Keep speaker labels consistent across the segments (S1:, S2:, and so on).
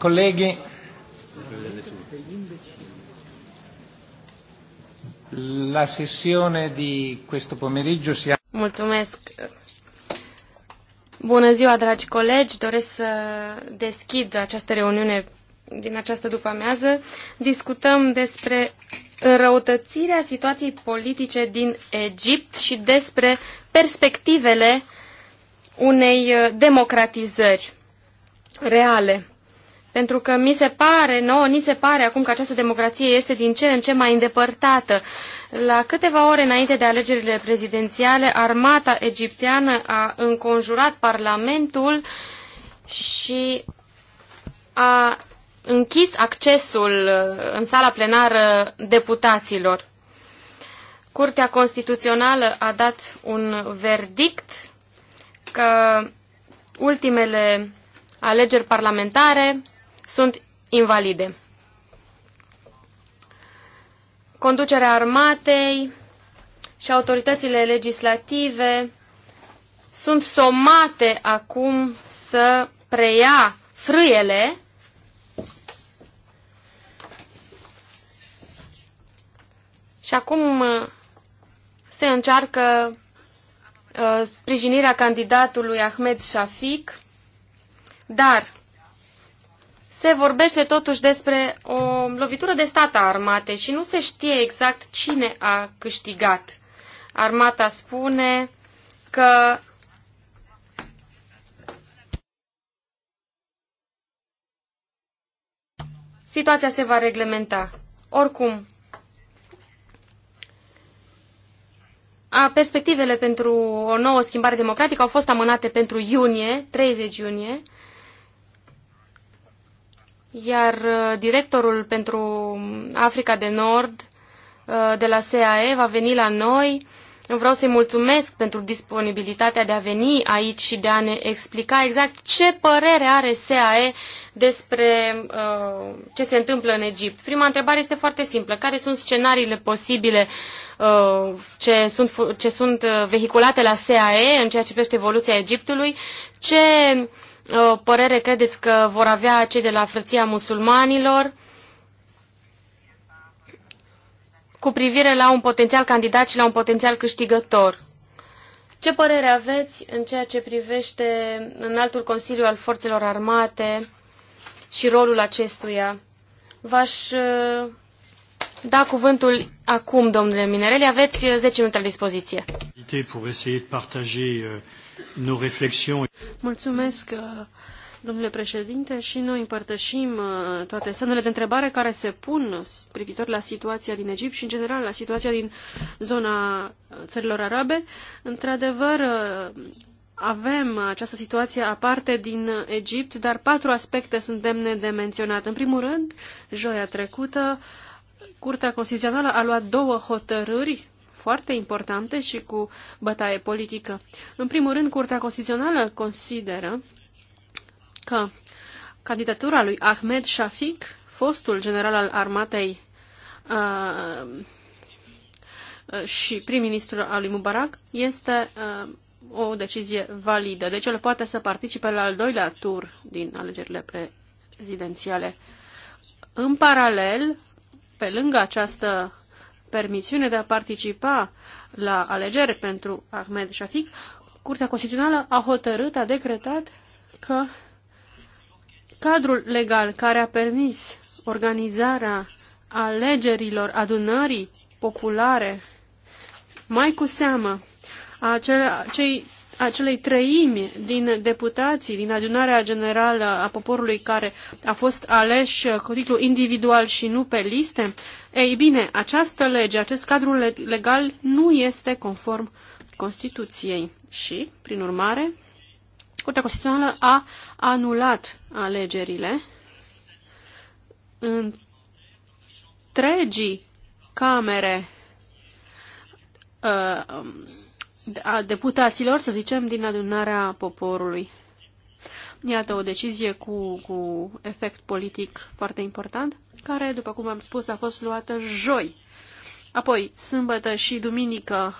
S1: Colleghi, la sessione di questo pomeriggio si
S2: Mulțumesc. Bună ziua, dragi colegi. Doresc să deschid această reuniune din această după-amiază. Discutăm despre înrăutățirea situației politice din Egipt și despre perspectivele unei uh, democratizări reale. Pentru că mi se pare, nouă, ni se pare acum că această democrație este din ce în ce mai îndepărtată. La câteva ore înainte de alegerile prezidențiale, armata egipteană a înconjurat Parlamentul și a închis accesul uh, în sala plenară deputaților. Curtea Constituțională a dat un verdict că ultimele alegeri parlamentare sunt invalide. Conducerea armatei și autoritățile legislative sunt somate acum să preia frâiele și acum uh, se încearcă uh, sprijinirea candidatului Ahmed Shafik, dar se vorbește totuși despre o lovitură de stat a armatei și nu se știe exact cine a câștigat. Armata spune că situația se va reglementa. Oricum, a perspectivele pentru o nouă schimbare democratică au fost amânate pentru iunie, 30 iunie, iar uh, directorul pentru Africa de Nord uh, de la SAE va veni la noi. vreau să-i mulțumesc pentru disponibilitatea de a veni aici și de a ne explica exact ce părere are SAE despre uh, ce se întâmplă în Egipt. Prima întrebare este foarte simplă. Care sunt scenariile posibile uh, ce sunt, ce sunt uh, vehiculate la SAE în ceea ce privește evoluția Egiptului? Ce uh, părere credeți că vor avea cei de la frăția musulmanilor cu privire la un potențial candidat și la un potențial câștigător? Ce părere aveți în ceea ce privește în altul Consiliu al Forțelor Armate și rolul acestuia? V-aș uh, da cuvântul acum, domnule Minereli. Aveți 10 uh, minute la dispoziție. Pentru Nos réflexions...
S3: Mulțumesc, uh, domnule președinte, și noi împărtășim uh, toate semnele de întrebare care se pun privitor la situația din Egipt și, în general, la situația din zona uh, țărilor arabe. Într-adevăr, avem această situație aparte din Egipt, dar patru aspecte sunt demne de menționat. În primul rând, joia trecută, Curtea Constituțională a luat două hotărâri foarte importante și cu bătaie politică. În primul rând, Curtea Constituțională consideră că candidatura lui Ahmed Shafik, fostul general al armatei uh, și prim-ministrul al lui Mubarak, este uh, o decizie validă. Deci el poate să participe la al doilea tur din alegerile prezidențiale. În paralel, pe lângă această permisiune de a participa la alegeri pentru Ahmed Shafik, Curtea Constituțională a hotărât, a decretat că cadrul legal care a permis organizarea alegerilor adunării populare, mai cu seamă a cei acelei trăimi din deputații, din adunarea generală a poporului care a fost aleși cu titlu individual și nu pe liste, ei bine, această lege, acest cadru legal nu este conform Constituției și, prin urmare, Curtea Constituțională a anulat alegerile întregii camere uh, a deputaților, să zicem, din adunarea poporului. Iată o decizie cu, cu efect politic foarte important, care, după cum am spus, a fost luată joi. Apoi, sâmbătă și duminică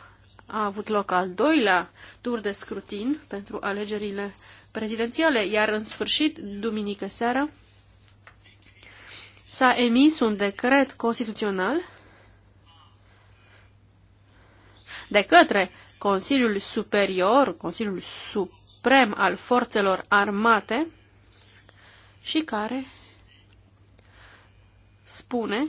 S3: a avut loc al doilea tur de scrutin pentru alegerile prezidențiale, iar în sfârșit, duminică seara s-a emis un decret constituțional de către Consiliul Superior, Consiliul Suprem al Forțelor Armate și care spune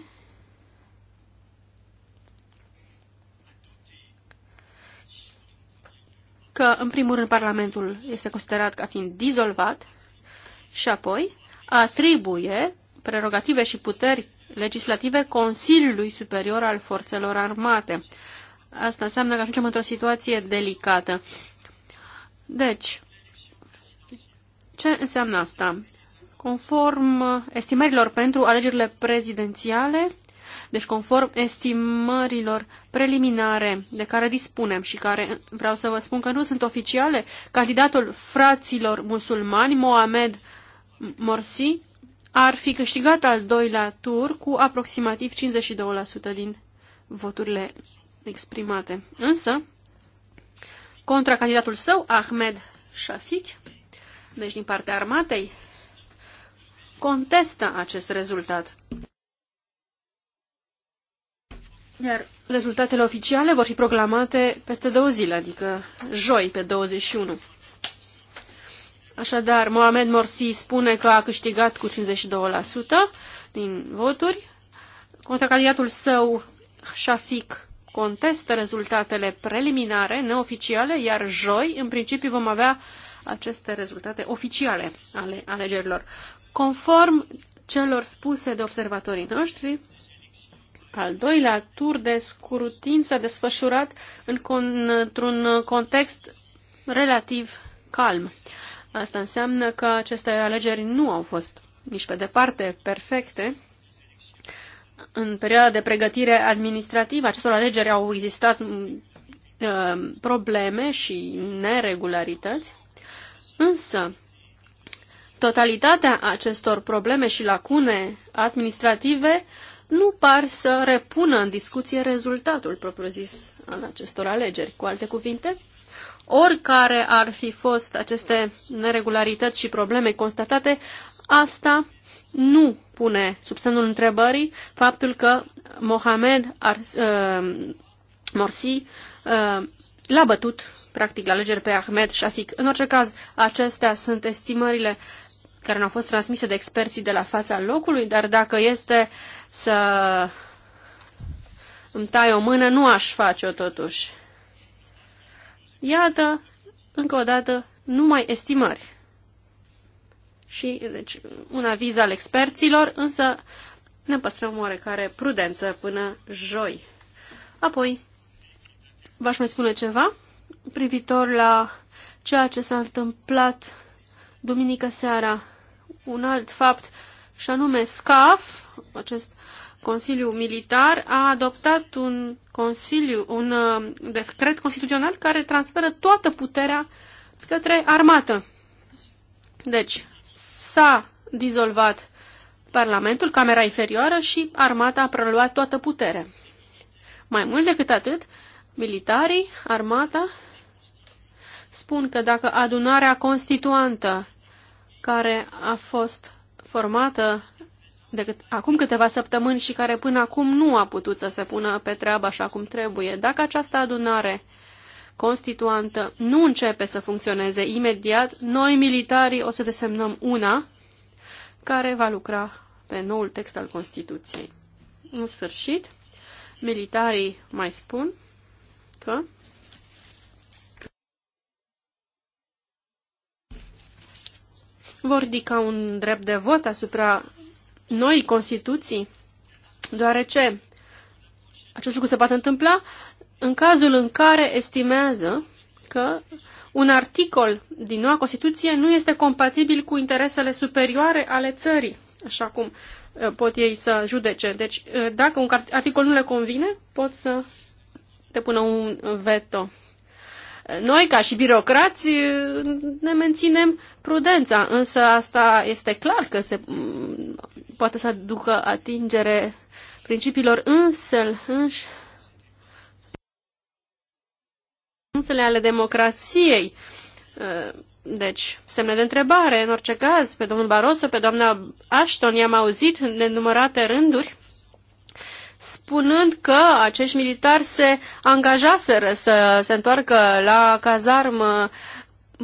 S3: că, în primul rând, Parlamentul este considerat ca fiind dizolvat și apoi atribuie prerogative și puteri legislative Consiliului Superior al Forțelor Armate. Asta înseamnă că ajungem într-o situație delicată. Deci, ce înseamnă asta? Conform estimărilor pentru alegerile prezidențiale, deci conform estimărilor preliminare de care dispunem și care vreau să vă spun că nu sunt oficiale, candidatul fraților musulmani, Mohamed Morsi, ar fi câștigat al doilea tur cu aproximativ 52% din voturile exprimate. Însă, contra candidatul său, Ahmed Shafik, deci din partea armatei, contestă acest rezultat. Iar rezultatele oficiale vor fi proclamate peste două zile, adică joi, pe 21. Așadar, Mohamed Morsi spune că a câștigat cu 52% din voturi. Contracandidatul său, Shafik, contestă rezultatele preliminare, neoficiale, iar joi, în principiu, vom avea aceste rezultate oficiale ale alegerilor. Conform celor spuse de observatorii noștri, al doilea tur de scrutin s-a desfășurat în, într-un context relativ calm. Asta înseamnă că aceste alegeri nu au fost nici pe departe perfecte, în perioada de pregătire administrativă acestor alegeri au existat mm, uh, probleme și neregularități, însă totalitatea acestor probleme și lacune administrative nu par să repună în discuție rezultatul propriu-zis al acestor alegeri. Cu alte cuvinte, oricare ar fi fost aceste neregularități și probleme constatate, asta nu pune sub semnul întrebării faptul că Mohamed Ar, uh, Morsi uh, l-a bătut, practic, la alegeri pe Ahmed Shafik. În orice caz, acestea sunt estimările care nu au fost transmise de experții de la fața locului, dar dacă este să îmi tai o mână, nu aș face-o totuși. Iată, încă o dată, numai estimări și deci, un aviz al experților, însă ne păstrăm oarecare prudență până joi. Apoi, v-aș mai spune ceva privitor la ceea ce s-a întâmplat duminică seara. Un alt fapt, și anume SCAF, acest Consiliu Militar, a adoptat un, consiliu, un uh, decret constituțional care transferă toată puterea către armată. Deci, s-a dizolvat Parlamentul, Camera Inferioară și armata a preluat toată puterea. Mai mult decât atât, militarii, armata, spun că dacă adunarea constituantă care a fost formată cât, acum câteva săptămâni și care până acum nu a putut să se pună pe treabă așa cum trebuie, dacă această adunare constituantă nu începe să funcționeze imediat, noi militarii o să desemnăm una care va lucra pe noul text al Constituției. În sfârșit, militarii mai spun că vor ridica un drept de vot asupra noii Constituții, deoarece acest lucru se poate întâmpla în cazul în care estimează că un articol din noua Constituție nu este compatibil cu interesele superioare ale țării, așa cum uh, pot ei să judece. Deci, uh, dacă un articol nu le convine, pot să depună un veto. Uh, noi, ca și birocrați, ne menținem prudența, însă asta este clar că se mm, poate să aducă atingere principiilor însel, înși consecințele ale democrației. Uh, deci, semne de întrebare, în orice caz, pe domnul Barroso, pe doamna Ashton, i-am auzit în nenumărate rânduri, spunând că acești militari se angajaseră să se întoarcă la cazarmă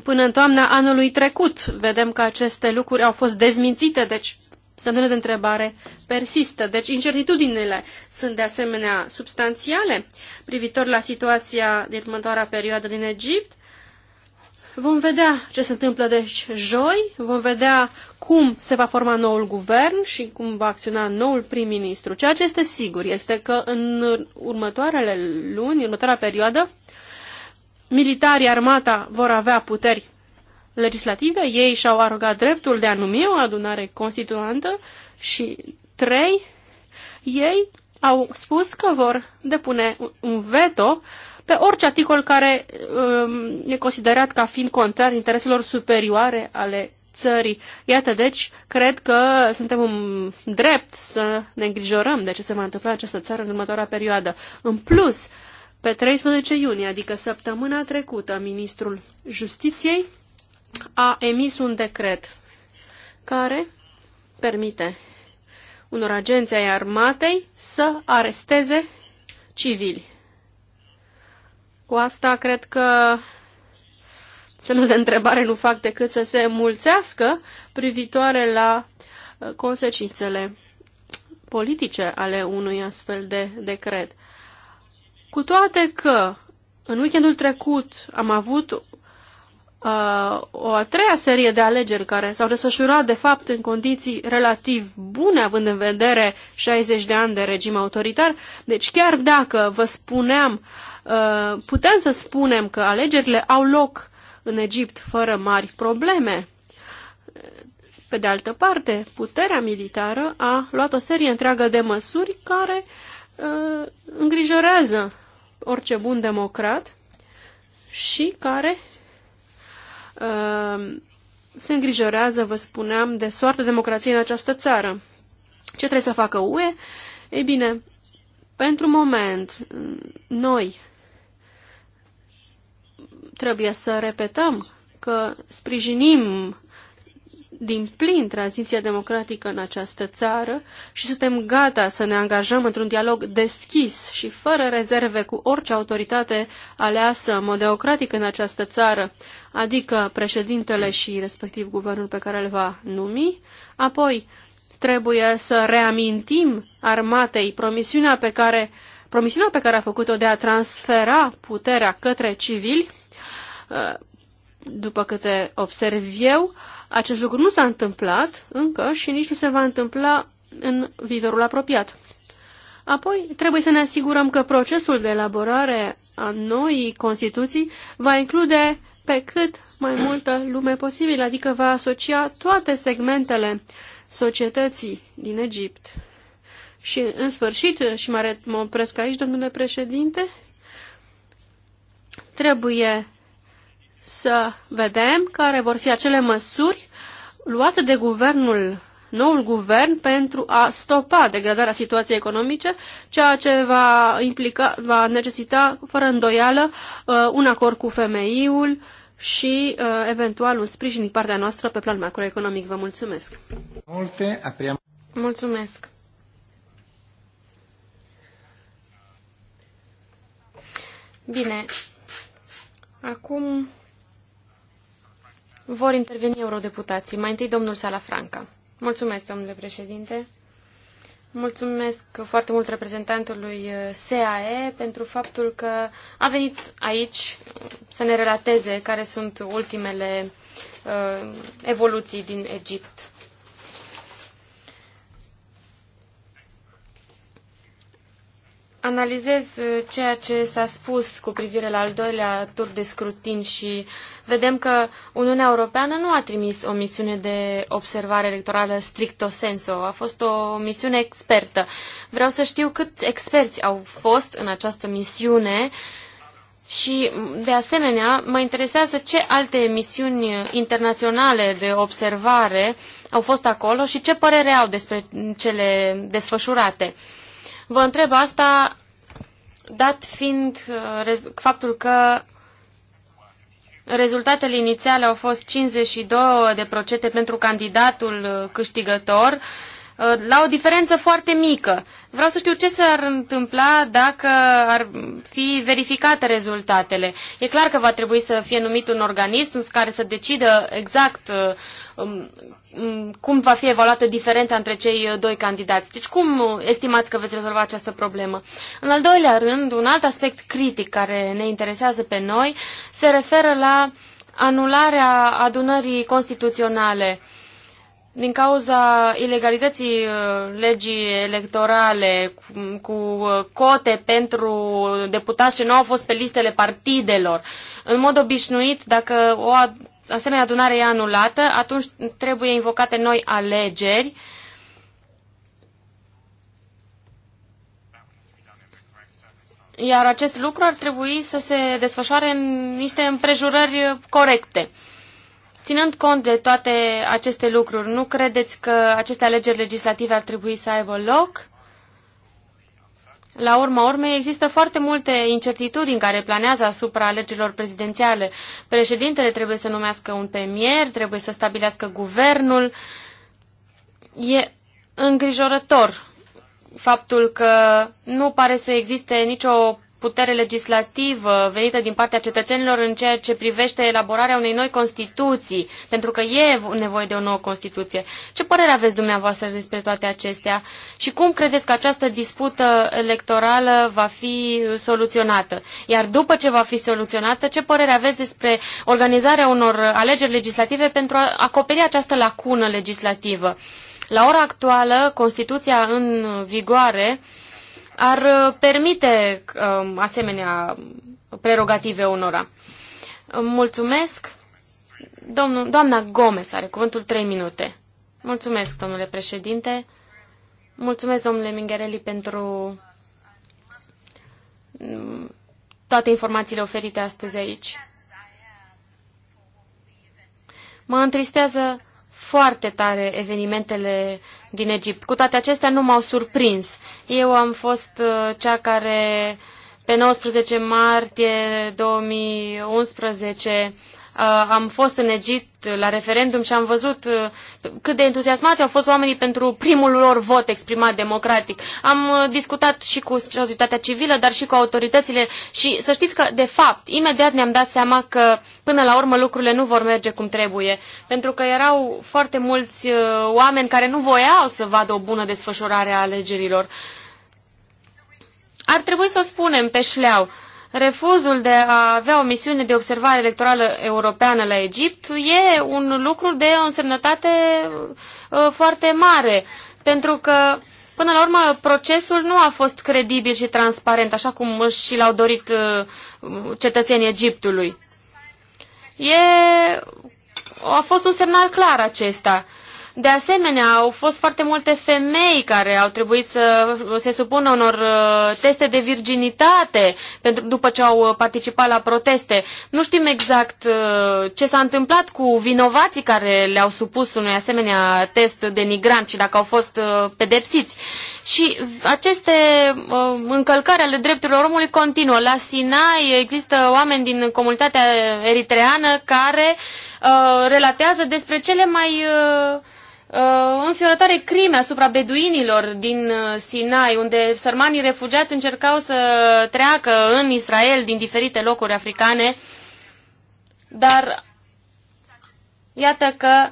S3: până în toamna anului trecut. Vedem că aceste lucruri au fost dezmințite, deci semnele de întrebare persistă. Deci incertitudinile sunt de asemenea substanțiale privitor la situația din următoarea perioadă din Egipt. Vom vedea ce se întâmplă deci joi, vom vedea cum se va forma noul guvern și cum va acționa noul prim-ministru. Ceea ce este sigur este că în următoarele luni, în următoarea perioadă, militarii, armata vor avea puteri legislative, ei și-au arogat dreptul de a numi o adunare constituantă și trei, ei au spus că vor depune un veto pe orice articol care um, e considerat ca fiind contrar intereselor superioare ale țării. Iată, deci, cred că suntem în drept să ne îngrijorăm de ce se va întâmpla în această țară în următoarea perioadă. În plus, pe 13 iunie, adică săptămâna trecută, ministrul Justiției a emis un decret care permite unor agenții ai armatei să aresteze civili. Cu asta cred că semnul de întrebare nu fac decât să se mulțească privitoare la uh, consecințele politice ale unui astfel de decret. Cu toate că în weekendul trecut am avut Uh, o a treia serie de alegeri care s-au desfășurat, de fapt, în condiții relativ bune, având în vedere 60 de ani de regim autoritar. Deci, chiar dacă vă spuneam, uh, putem să spunem că alegerile au loc în Egipt fără mari probleme. Pe de altă parte, puterea militară a luat o serie întreagă de măsuri care uh, îngrijorează orice bun democrat și care Ehm, se îngrijorează, vă spuneam, de soarta democrației în această țară. Ce trebuie să facă UE? Ei bine, pentru moment, noi trebuie să repetăm că sprijinim din plin tranziția democratică în această țară și suntem gata să ne angajăm într-un dialog deschis și fără rezerve cu orice autoritate aleasă în mod democratic în această țară, adică președintele și respectiv guvernul pe care îl va numi. Apoi, trebuie să reamintim armatei promisiunea pe care, promisiunea pe care a făcut-o de a transfera puterea către civili, după câte observ eu, acest lucru nu s-a întâmplat încă și nici nu se va întâmpla în viitorul apropiat. Apoi, trebuie să ne asigurăm că procesul de elaborare a noii Constituții va include pe cât mai multă lume posibil, adică va asocia toate segmentele societății din Egipt. Și, în sfârșit, și mă opresc aici, domnule președinte, trebuie să vedem care vor fi acele măsuri luate de guvernul, noul guvern, pentru a stopa degradarea situației economice, ceea ce va, implica, va necesita, fără îndoială, uh, un acord cu femeiul și, uh, eventual, un sprijin din partea noastră pe plan macroeconomic. Vă mulțumesc!
S1: Multe, apriam...
S3: Mulțumesc!
S2: Bine, acum vor interveni eurodeputații. Mai întâi domnul Salafranca. Mulțumesc, domnule președinte. Mulțumesc foarte mult reprezentantului uh, SAE pentru faptul că a venit aici să ne relateze care sunt ultimele uh, evoluții din Egipt. analizez uh, ceea ce s-a spus cu privire la al doilea tur de scrutin și vedem că Uniunea Europeană nu a trimis o misiune de observare electorală stricto senso, a fost o misiune expertă. Vreau să știu câți experți au fost în această misiune și, de asemenea, mă interesează ce alte misiuni internaționale de observare au fost acolo și ce părere au despre cele desfășurate. Vă întreb asta dat fiind uh, faptul că rezultatele inițiale au fost 52 de procente pentru candidatul uh, câștigător, Uh, la o diferență foarte mică. Vreau să știu ce s-ar întâmpla dacă ar fi verificate rezultatele. E clar că va trebui să fie numit un organism care să decidă exact uh, um, um, cum va fi evaluată diferența între cei uh, doi candidați. Deci cum estimați că veți rezolva această problemă? În al doilea rând, un alt aspect critic care ne interesează pe noi se referă la anularea adunării constituționale. Uh, din cauza ilegalității uh, legii electorale cu uh, cote pentru deputați ce nu au fost pe listele partidelor. În mod obișnuit, dacă o asemenea adunare e anulată, atunci trebuie invocate noi alegeri. Iar acest lucru ar trebui să se desfășoare în niște împrejurări corecte. Ținând cont de toate aceste lucruri, nu credeți că aceste alegeri legislative ar trebui să aibă loc? La urma urmei, există foarte multe incertitudini care planează asupra alegerilor prezidențiale. Președintele trebuie să numească un premier, trebuie să stabilească guvernul. E îngrijorător faptul că nu pare să existe nicio putere legislativă venită din partea cetățenilor în ceea ce privește elaborarea unei noi Constituții, pentru că e nevoie de o nouă Constituție. Ce părere aveți dumneavoastră despre toate acestea și cum credeți că această dispută electorală va fi soluționată? Iar după ce va fi soluționată, ce părere aveți despre organizarea unor alegeri legislative pentru a acoperi această lacună legislativă? La ora actuală, Constituția în vigoare uh, ar uh, permite um, asemenea prerogative unora. Mulțumesc. Domnul, doamna Gomes are cuvântul 3 minute. Mulțumesc, domnule președinte. Mulțumesc, domnule Mingherelli, pentru mm, toate informațiile oferite astăzi aici. Mă întristează foarte tare evenimentele din Egipt. Cu toate acestea nu m-au surprins. Eu am fost uh, cea care pe 19 martie 2011 Uh, am fost în Egipt la referendum și am văzut uh, cât de entuziasmați au fost oamenii pentru primul lor vot exprimat democratic. Am uh, discutat și cu societatea civilă, dar și cu autoritățile și să știți că, de fapt, imediat ne-am dat seama că până la urmă lucrurile nu vor merge cum trebuie, pentru că erau foarte mulți oameni care nu voiau să vadă o bună desfășurare a alegerilor. Ar trebui să o spunem pe șleau. Uh, refuzul de a avea o misiune de observare electorală europeană la Egipt e un lucru de o însemnătate uh, foarte mare, pentru că Până la urmă, procesul nu a fost credibil și transparent, așa cum și l-au dorit uh, cetățenii Egiptului. E, a fost un semnal clar acesta. De asemenea, au fost foarte multe femei care au trebuit să se supună unor uh, teste de virginitate pentru, după ce au uh, participat la proteste. Nu știm exact uh, ce s-a întâmplat cu vinovații care le-au supus unui asemenea test denigrant și dacă au fost pedepsiți. Și aceste încălcări ale drepturilor omului continuă. La Sinai există oameni din comunitatea eritreană care uh, relatează despre cele mai uh, Uh, înfiorătoare crime asupra beduinilor din uh, Sinai, unde sărmanii refugiați încercau să treacă în Israel din diferite locuri africane, dar iată că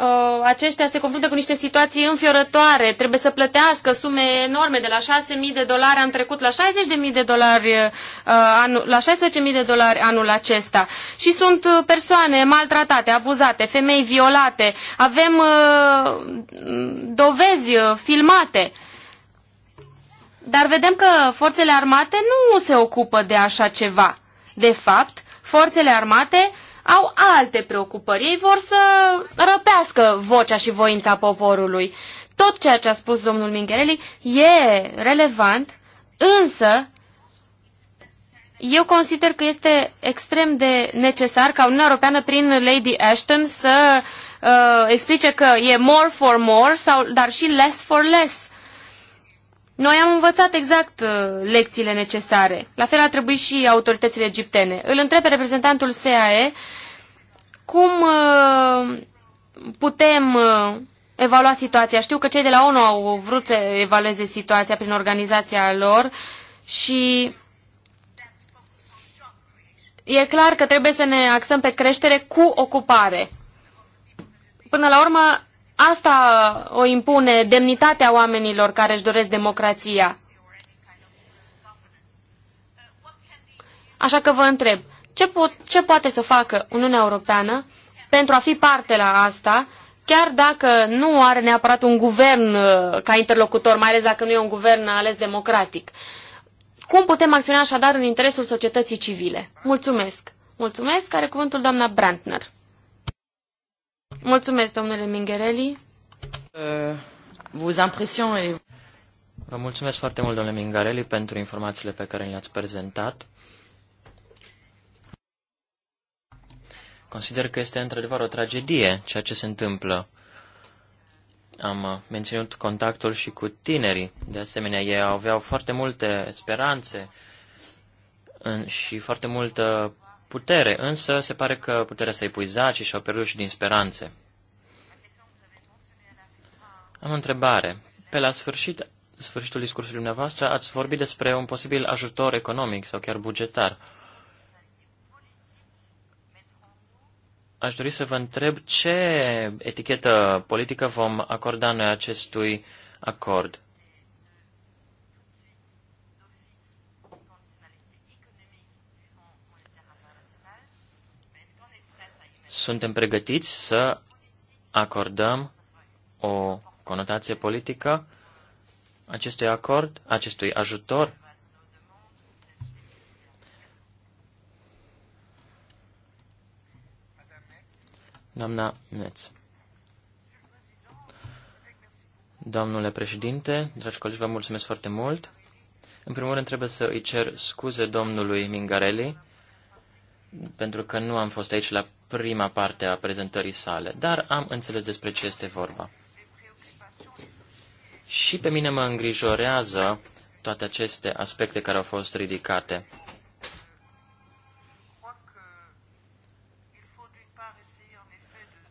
S2: Uh, aceștia se confruntă cu niște situații înfiorătoare, trebuie să plătească sume enorme, de la 6.000 de dolari am trecut la 60.000 de dolari, uh, anul, la 16.000 de dolari anul acesta. Și sunt uh, persoane maltratate, abuzate, femei violate, avem uh, dovezi uh, filmate. Dar vedem că forțele armate nu se ocupă de așa ceva. De fapt, forțele armate uh, au alte preocupări. Ei vor să răpească vocea și voința poporului. Tot ceea ce a spus domnul Mingherelli e relevant, însă eu consider că este extrem de necesar ca Uniunea Europeană prin Lady Ashton să uh, explice că e more for more, sau, dar și less for less. Noi am învățat exact uh, lecțiile necesare. La fel a trebuit și autoritățile egiptene. Îl întreb pe reprezentantul SAE uh, cum uh, putem uh, evalua situația? Știu că cei de la ONU au vrut să evalueze situația prin organizația lor și e clar că trebuie să ne axăm pe creștere cu ocupare. Până la urmă, asta o impune demnitatea oamenilor care își doresc democrația. Așa că vă întreb, ce, po ce poate să facă Uniunea Europeană pentru a fi parte la asta, chiar dacă nu are neapărat un guvern uh, ca interlocutor, mai ales dacă nu e un guvern ales democratic? Cum putem acționa așadar în interesul societății civile? Mulțumesc! Mulțumesc! Are cuvântul doamna Brandner. Mulțumesc, domnule Mingherelli.
S1: Uh, vos Vă mulțumesc foarte mult, domnule Mingarelli, pentru informațiile pe care le-ați prezentat. Consider că este într-adevăr o tragedie ceea ce se întâmplă. Am menținut contactul și cu tinerii. De asemenea, ei aveau foarte multe speranțe și foarte multă putere, însă se pare că puterea s-a epuizat și și-au pierdut și din speranțe. Am o întrebare. Pe la sfârșit, sfârșitul discursului dumneavoastră, ați vorbit despre un posibil ajutor economic sau chiar bugetar. aș dori să vă întreb ce etichetă politică vom acorda noi acestui acord. Suntem pregătiți să acordăm o conotație politică acestui acord, acestui ajutor Doamna Neț. Domnule președinte, dragi colegi, vă mulțumesc foarte mult. În primul rând trebuie să îi cer scuze domnului Mingarelli pentru că nu am fost aici la prima parte a prezentării sale, dar am înțeles despre ce este vorba. Și pe mine mă îngrijorează toate aceste aspecte care au fost ridicate.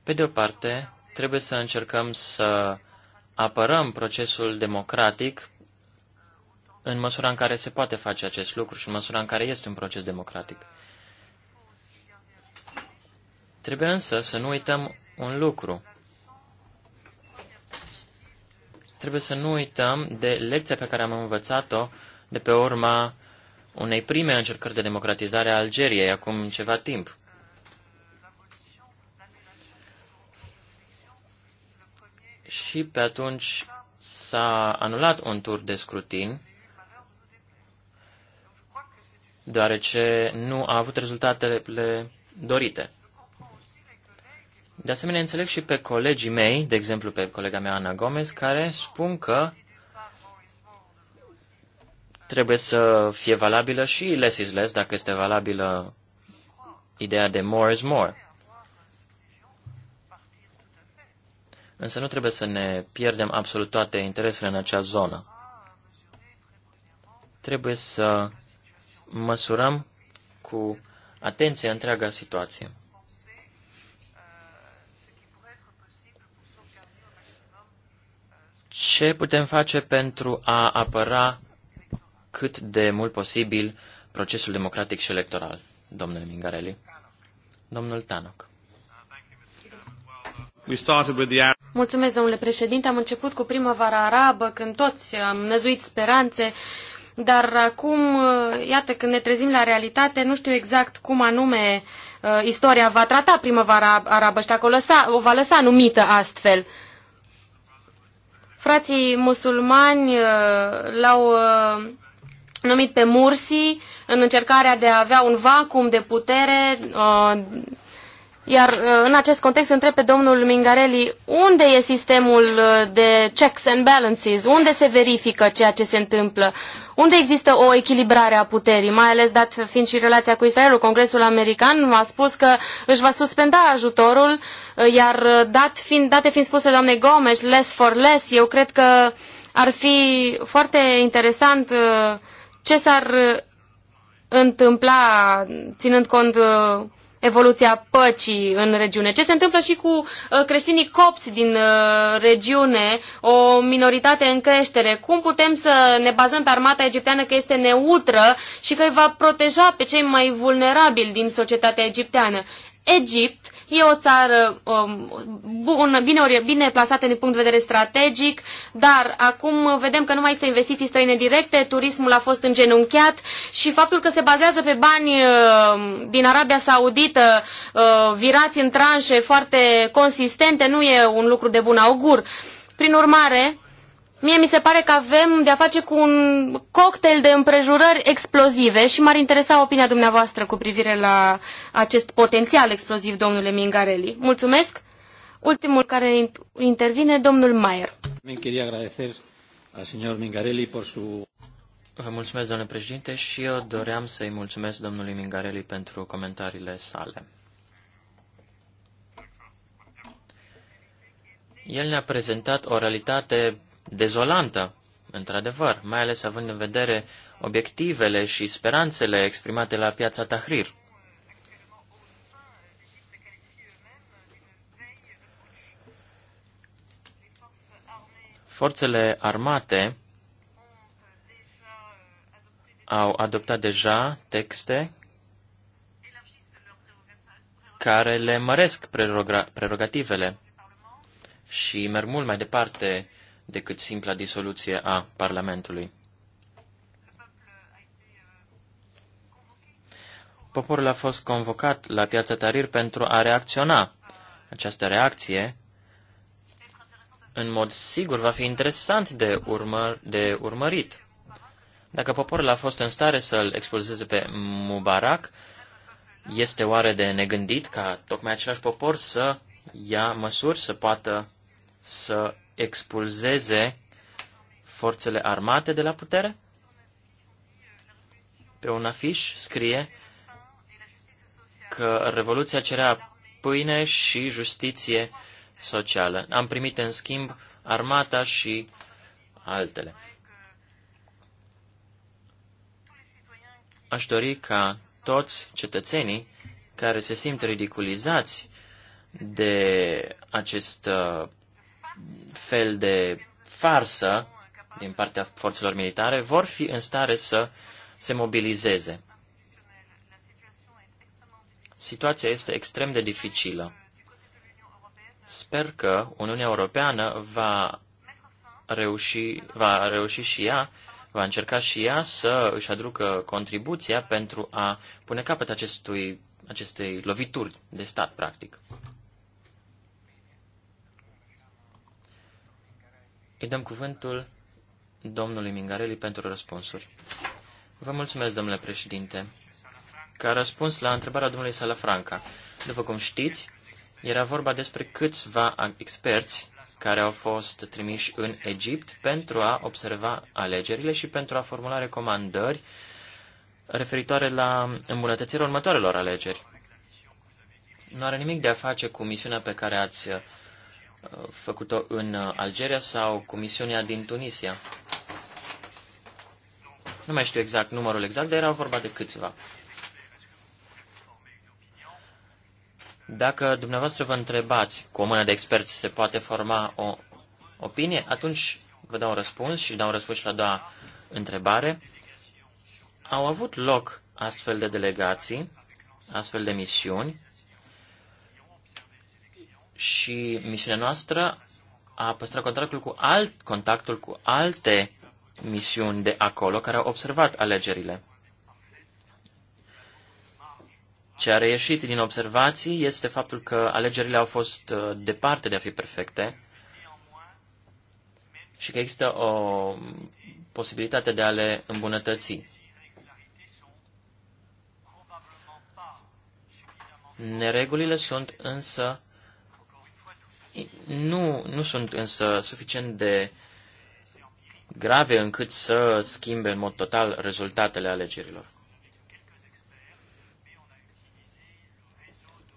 S1: Pe de o parte, trebuie să încercăm să apărăm procesul democratic în măsura în care se poate face acest lucru și în măsura în care este un proces democratic. Trebuie însă să nu uităm un lucru. Trebuie să nu uităm de lecția pe care am învățat-o de pe urma unei prime încercări de democratizare a Algeriei acum ceva timp. și pe atunci s-a anulat un tur de scrutin, deoarece nu a avut rezultatele dorite. De asemenea, înțeleg și pe colegii mei, de exemplu pe colega mea Ana Gomez, care spun că trebuie să fie valabilă și less is less, dacă este valabilă ideea de more is more. Însă nu trebuie să ne pierdem absolut toate interesele în acea zonă. Trebuie să măsurăm cu atenție întreaga situație. Ce putem face pentru a apăra cât de mult posibil procesul democratic și electoral, domnule Mingarelli? Domnul Tanok.
S2: Mulțumesc, domnule președinte. Am început cu primăvara arabă, când toți am năzuit speranțe, dar acum, uh, iată, când ne trezim la realitate, nu știu exact cum anume uh, istoria va trata primăvara arabă și dacă o, lăsa, o va lăsa numită astfel. Frații musulmani uh, l-au numit pe Mursi în încercarea de a avea un vacum de putere iar uh, în acest context întreb pe domnul Mingarelli unde e sistemul uh, de checks and balances, unde se verifică ceea ce se întâmplă, unde există o echilibrare a puterii, mai ales dat fiind și relația cu Israelul. Congresul american a spus că își va suspenda ajutorul, uh, iar dat fiind, date fiind spuse doamnei Gomes, less for less, eu cred că ar fi foarte interesant ce s-ar întâmpla ținând cont evoluția păcii în regiune. Ce se întâmplă și cu uh, creștinii copți din uh, regiune, o minoritate în creștere? Cum putem să ne bazăm pe armata egipteană că este neutră și că îi va proteja pe cei mai vulnerabili din societatea egipteană? Egipt E o țară um, bună, bine, bine plasată din punct de vedere strategic, dar acum vedem că nu mai este investiții străine directe, turismul a fost îngenunchiat și faptul că se bazează pe bani uh, din Arabia Saudită, uh, virați în tranșe foarte consistente, nu e un lucru de bun augur. Prin urmare, Mie mi se pare că avem de-a face cu un cocktail de împrejurări explozive și m-ar interesa opinia dumneavoastră cu privire la acest potențial exploziv, domnule Mingarelli. Mulțumesc! Ultimul care intervine, domnul Maier.
S1: Vă mulțumesc, domnule președinte, și eu doream să-i mulțumesc domnului Mingarelli pentru comentariile sale. El ne-a prezentat o realitate dezolantă, într-adevăr, mai ales având în vedere obiectivele și speranțele exprimate la piața Tahrir. Forțele armate au adoptat deja texte care le măresc prerogativele și merg mult mai departe decât simpla disoluție a Parlamentului. Poporul a fost convocat la piața Tarir pentru a reacționa. Această reacție, în mod sigur, va fi interesant de, urmăr- de urmărit. Dacă poporul a fost în stare să-l expulzeze pe Mubarak, este oare de negândit ca tocmai același popor să ia măsuri, să poată să expulzeze forțele armate de la putere? Pe un afiș scrie că Revoluția cerea pâine și justiție socială. Am primit în schimb armata și altele. Aș dori ca toți cetățenii care se simt ridiculizați de acest uh, fel de farsă din partea forțelor militare, vor fi în stare să se mobilizeze. Situația este extrem de dificilă. Sper că Uniunea Europeană va reuși, va reuși și ea, va încerca și ea să își aducă contribuția pentru a pune capăt acestui, acestei lovituri de stat, practic. Îi dăm cuvântul domnului Mingarelli pentru răspunsuri. Vă mulțumesc, domnule președinte. Ca răspuns la întrebarea domnului Salafranca, după cum știți, era vorba despre câțiva experți care au fost trimiși în Egipt pentru a observa alegerile și pentru a formula recomandări referitoare la îmbunătățirea următoarelor alegeri. Nu are nimic de a face cu misiunea pe care ați făcut-o în uh, Algeria sau cu misiunea din Tunisia. Nu mai știu exact numărul exact, dar era vorba de câțiva. Dacă dumneavoastră vă întrebați cu o mână de experți se poate forma o opinie, atunci vă dau un răspuns și dau un răspuns și la a doua întrebare. Au avut loc astfel de delegații, astfel de misiuni, și misiunea noastră a păstrat contactul cu alt, contactul cu alte misiuni de acolo care au observat alegerile. Ce a reieșit din observații este faptul că alegerile au fost uh, departe de a fi perfecte și că există o posibilitate de a le îmbunătăți. Neregulile sunt însă nu, nu sunt însă suficient de grave încât să schimbe în mod total rezultatele alegerilor.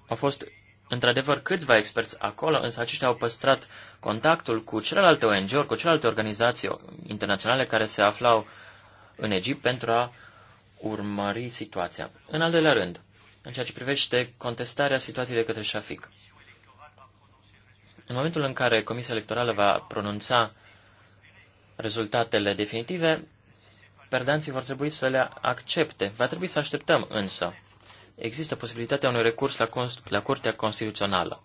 S1: Au fost într-adevăr câțiva experți acolo, însă aceștia au păstrat contactul cu celelalte ONG-uri, cu celelalte organizații internaționale care se aflau în Egipt pentru a urmări situația. În al doilea rând, în ceea ce privește contestarea situației de către Shafik. În momentul în care Comisia Electorală va pronunța rezultatele definitive, perdanții vor trebui să le accepte. Va trebui să așteptăm însă. Există posibilitatea unui recurs la, cons- la Curtea Constituțională.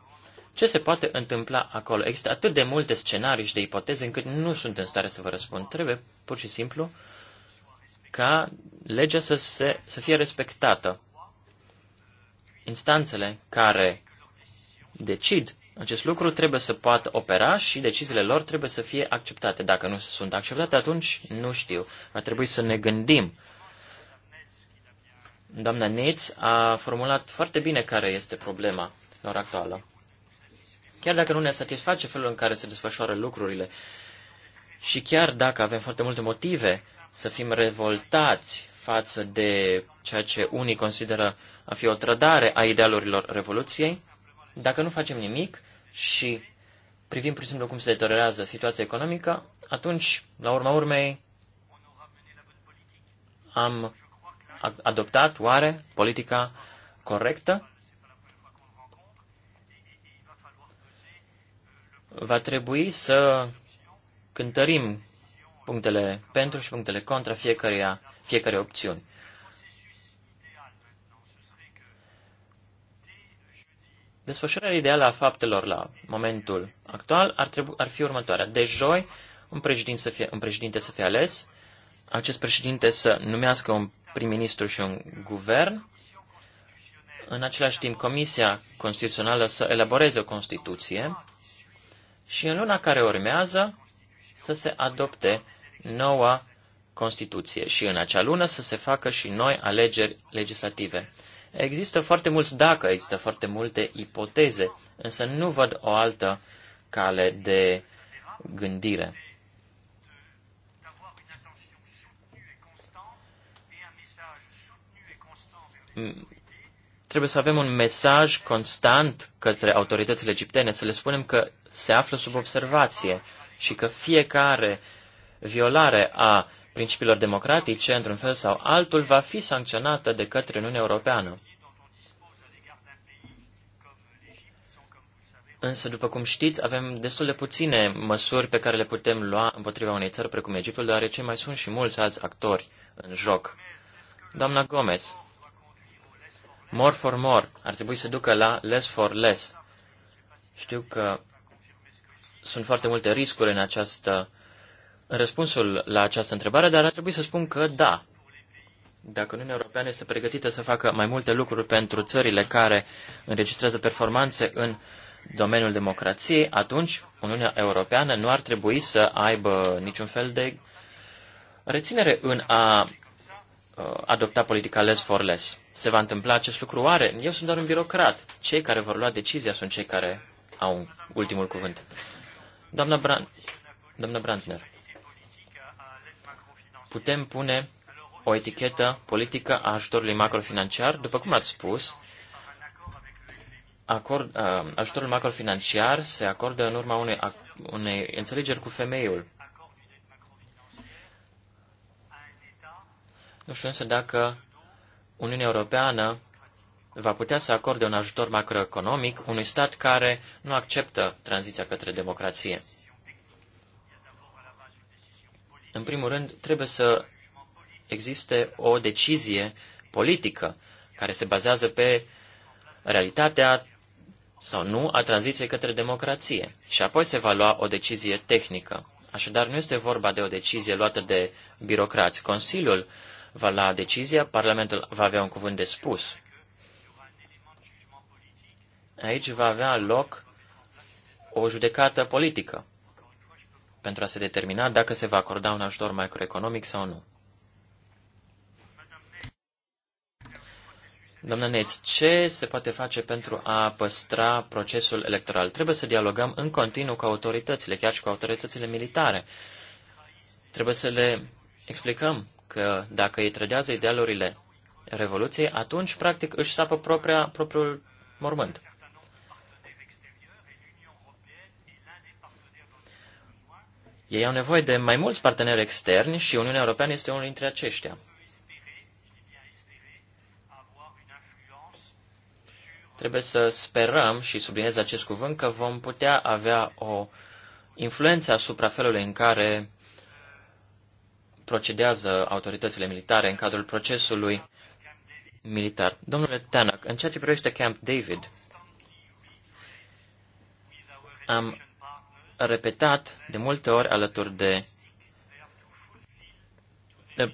S1: Ce se poate întâmpla acolo? Există atât de multe scenarii și de ipoteze încât nu sunt în stare să vă răspund. Trebuie, pur și simplu, ca legea să, se, să fie respectată. Instanțele care decid acest lucru, trebuie să poată opera și deciziile lor trebuie să fie acceptate. Dacă nu sunt acceptate, atunci nu știu. Va trebui să ne gândim. Doamna Neitz a formulat foarte bine care este problema lor actuală. Chiar dacă nu ne satisface felul în care se desfășoară lucrurile și chiar dacă avem foarte multe motive să fim revoltați față de ceea ce unii consideră a fi o trădare a idealurilor Revoluției, dacă nu facem nimic și privim pur și simplu cum se deteriorează situația economică, atunci, la urma urmei, am adoptat oare politica corectă? Va trebui să cântărim punctele pentru și punctele contra fiecăreia, fiecare opțiuni. Desfășurarea ideală a faptelor la momentul actual ar, trebu- ar fi următoarea. De joi, un președinte, să fie, un președinte să fie ales, acest președinte să numească un prim-ministru și un guvern, în același timp Comisia Constituțională să elaboreze o Constituție și în luna care urmează să se adopte noua Constituție și în acea lună să se facă și noi alegeri legislative. Există foarte mulți dacă, există foarte multe ipoteze, însă nu văd o altă cale de gândire. Trebuie să avem un mesaj constant către autoritățile egiptene, să le spunem că se află sub observație și că fiecare violare a principiilor democratice, într-un fel sau altul, va fi sancționată de către Uniunea Europeană. Însă, după cum știți, avem destul de puține măsuri pe care le putem lua împotriva unei țări precum Egiptul, deoarece mai sunt și mulți alți actori în joc. Doamna Gomez, more for more ar trebui să ducă la less for less. Știu că sunt foarte multe riscuri în această răspunsul la această întrebare, dar ar trebui să spun că da. Dacă Uniunea Europeană este pregătită să facă mai multe lucruri pentru țările care înregistrează performanțe în domeniul democrației, atunci Uniunea Europeană nu ar trebui să aibă niciun fel de reținere în a uh, adopta politica less for less. Se va întâmpla acest lucru oare? Eu sunt doar un birocrat. Cei care vor lua decizia sunt cei care au ultimul cuvânt. Doamna, Bran- Doamna Brandner putem pune o etichetă politică a ajutorului macrofinanciar, după cum ați spus, acord, uh, ajutorul macrofinanciar se acordă în urma unei, unei înțelegeri cu femeiul. Nu știu însă dacă Uniunea Europeană va putea să acorde un ajutor macroeconomic unui stat care nu acceptă tranziția către democrație. În primul rând, trebuie să existe o decizie politică care se bazează pe realitatea sau nu a tranziției către democrație și apoi se va lua o decizie tehnică. Așadar, nu este vorba de o decizie luată de birocrați. Consiliul va lua decizia, Parlamentul va avea un cuvânt de spus. Aici va avea loc o judecată politică pentru a se determina dacă se va acorda un ajutor macroeconomic sau nu. Doamna Neț, ce se poate face pentru a păstra procesul electoral? Trebuie să dialogăm în continuu cu autoritățile, chiar și cu autoritățile militare. Trebuie să le explicăm că dacă ei trădează idealurile Revoluției, atunci, practic, își sapă propria, propriul mormânt. Ei au nevoie de mai mulți parteneri externi și Uniunea Europeană este unul dintre aceștia. Trebuie să sperăm, și subliniez acest cuvânt, că vom putea avea o influență asupra felului în care procedează autoritățile militare în cadrul procesului militar. Domnule Tanak, în ceea ce privește Camp David, am repetat de multe ori alături de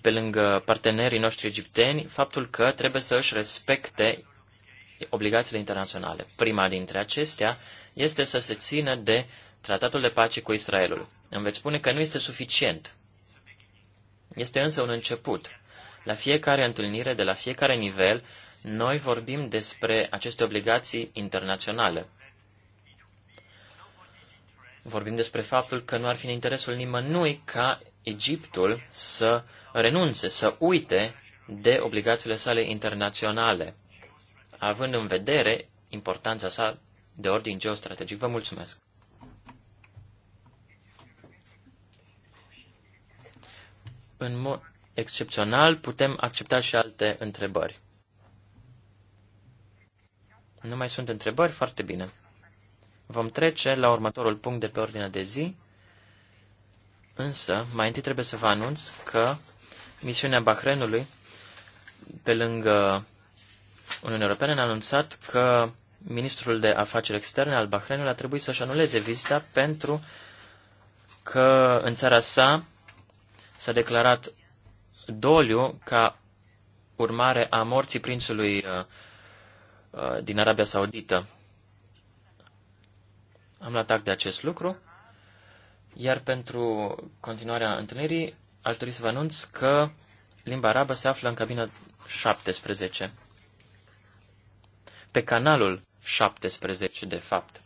S1: pe lângă partenerii noștri egipteni, faptul că trebuie să își respecte obligațiile internaționale. Prima dintre acestea este să se țină de tratatul de pace cu Israelul. Îmi veți spune că nu este suficient. Este însă un început. La fiecare întâlnire, de la fiecare nivel, noi vorbim despre aceste obligații internaționale. Vorbim despre faptul că nu ar fi în interesul nimănui ca Egiptul să renunțe, să uite de obligațiile sale internaționale, având în vedere importanța sa de ordin geostrategic. Vă mulțumesc! În mod excepțional, putem accepta și alte întrebări. Nu mai sunt întrebări? Foarte bine. Vom trece la următorul punct de pe ordinea de zi, însă mai întâi trebuie să vă anunț că misiunea Bahrenului, pe lângă Uniunea Europeană, a anunțat că ministrul de afaceri externe al Bahrenului a trebuit să-și anuleze vizita pentru că în țara sa s-a declarat doliu ca urmare a morții prințului uh, uh, din Arabia Saudită. Am luat act de acest lucru, iar pentru continuarea întâlnirii aș dori să vă anunț că limba arabă se află în cabina 17. Pe canalul 17, de fapt.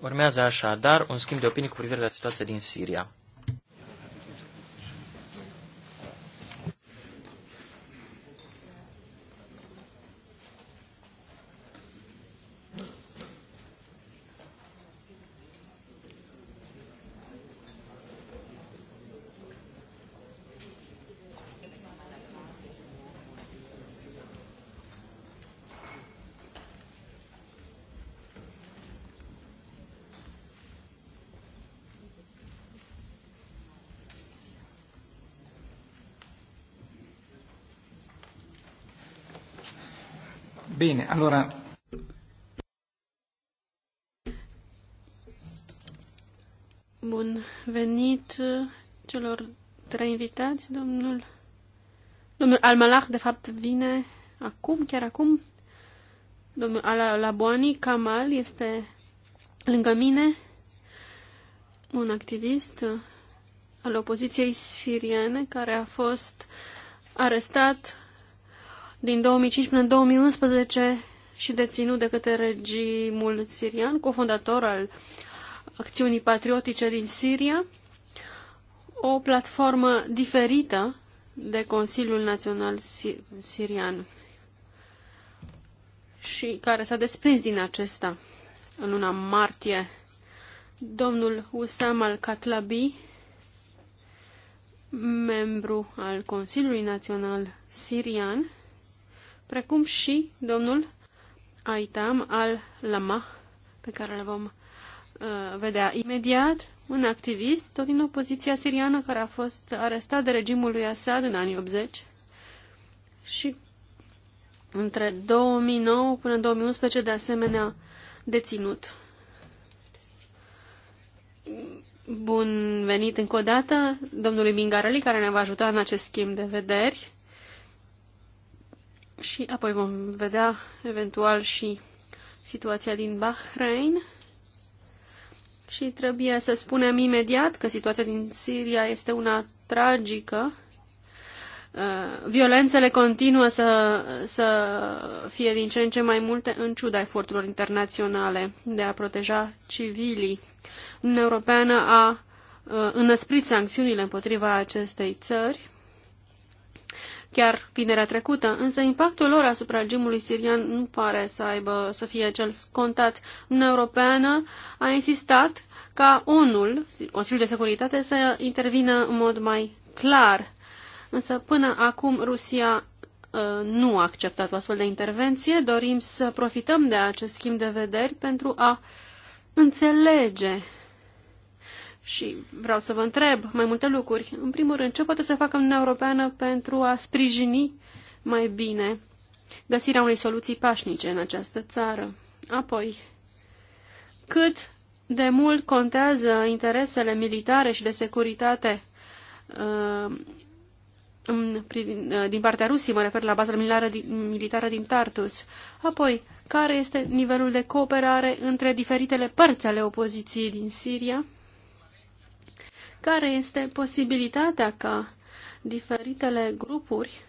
S1: Urmează așadar un schimb de opinii cu privire la situația din Siria.
S2: Bine, allora...
S3: Bun venit celor trei invitați, domnul... Domnul Almalach, de fapt, vine acum, chiar acum. Domnul Alaboani Kamal este lângă mine, un activist al opoziției siriene care a fost arestat din 2005 până în 2011 și deținut de către regimul sirian, cofondator al acțiunii patriotice din Siria, o platformă diferită de Consiliul Național Sirian și care s-a desprins din acesta în luna martie. Domnul Usam al-Katlabi, membru al Consiliului Național Sirian, precum și domnul Aitam al-Lama, pe care le vom uh, vedea imediat, un activist, tot din opoziția siriană, care a fost arestat de regimul lui Assad în anii 80 și între 2009 până în 2011, de asemenea, deținut. Bun venit încă o dată domnului Mingarali, care ne va ajuta în acest schimb de vederi și apoi vom vedea eventual și situația din Bahrain. Și trebuie să spunem imediat că situația din Siria este una tragică. Uh, violențele continuă să, să fie din ce în ce mai multe în ciuda eforturilor internaționale de a proteja civilii. Uniunea Europeană a uh, înăsprit sancțiunile împotriva acestei țări chiar vinerea trecută, însă impactul lor asupra regimului sirian nu pare să aibă să fie cel scontat. Uniunea Europeană a insistat ca unul, Consiliul de Securitate, să intervină în mod mai clar. Însă până acum Rusia uh, nu a acceptat o astfel de intervenție. Dorim să profităm de acest schimb de vederi pentru a înțelege și vreau să vă întreb mai multe lucruri. În primul rând, ce poate să facă Uniunea Europeană pentru a sprijini mai bine găsirea unei soluții pașnice în această țară? Apoi, cât de mult contează interesele militare și de securitate uh, în, uh, din partea Rusiei, mă refer la baza militară din, militară din Tartus. Apoi, care este nivelul de cooperare între diferitele părți ale opoziției din Siria? care este posibilitatea ca diferitele grupuri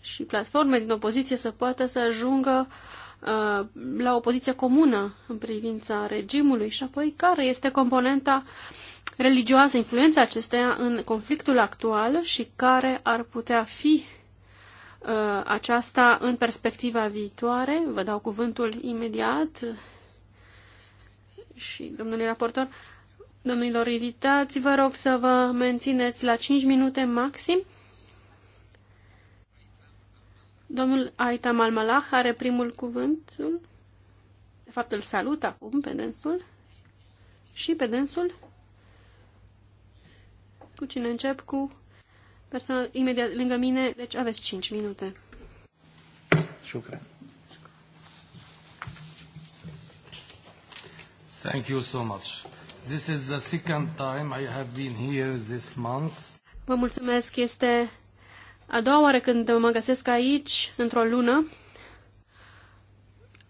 S3: și platforme din opoziție să poată să ajungă uh, la o poziție comună în privința regimului și apoi care este componenta religioasă, influența acesteia în conflictul actual și care ar putea fi uh, aceasta în perspectiva viitoare. Vă dau cuvântul imediat și domnului raportor. Uh, Domnilor invitați, vă rog să vă mențineți la 5 minute maxim. Domnul Aitam Almalah are primul cuvântul. De fapt, îl salut acum pe dânsul. Și pe dânsul. Cu cine încep? Cu persoana imediat lângă mine. Deci aveți 5 minute.
S1: Șucre. Thank you so much. This is the second time I have been here this month.
S3: Vă mulțumesc. Este a doua oară când mă găsesc aici, într-o lună.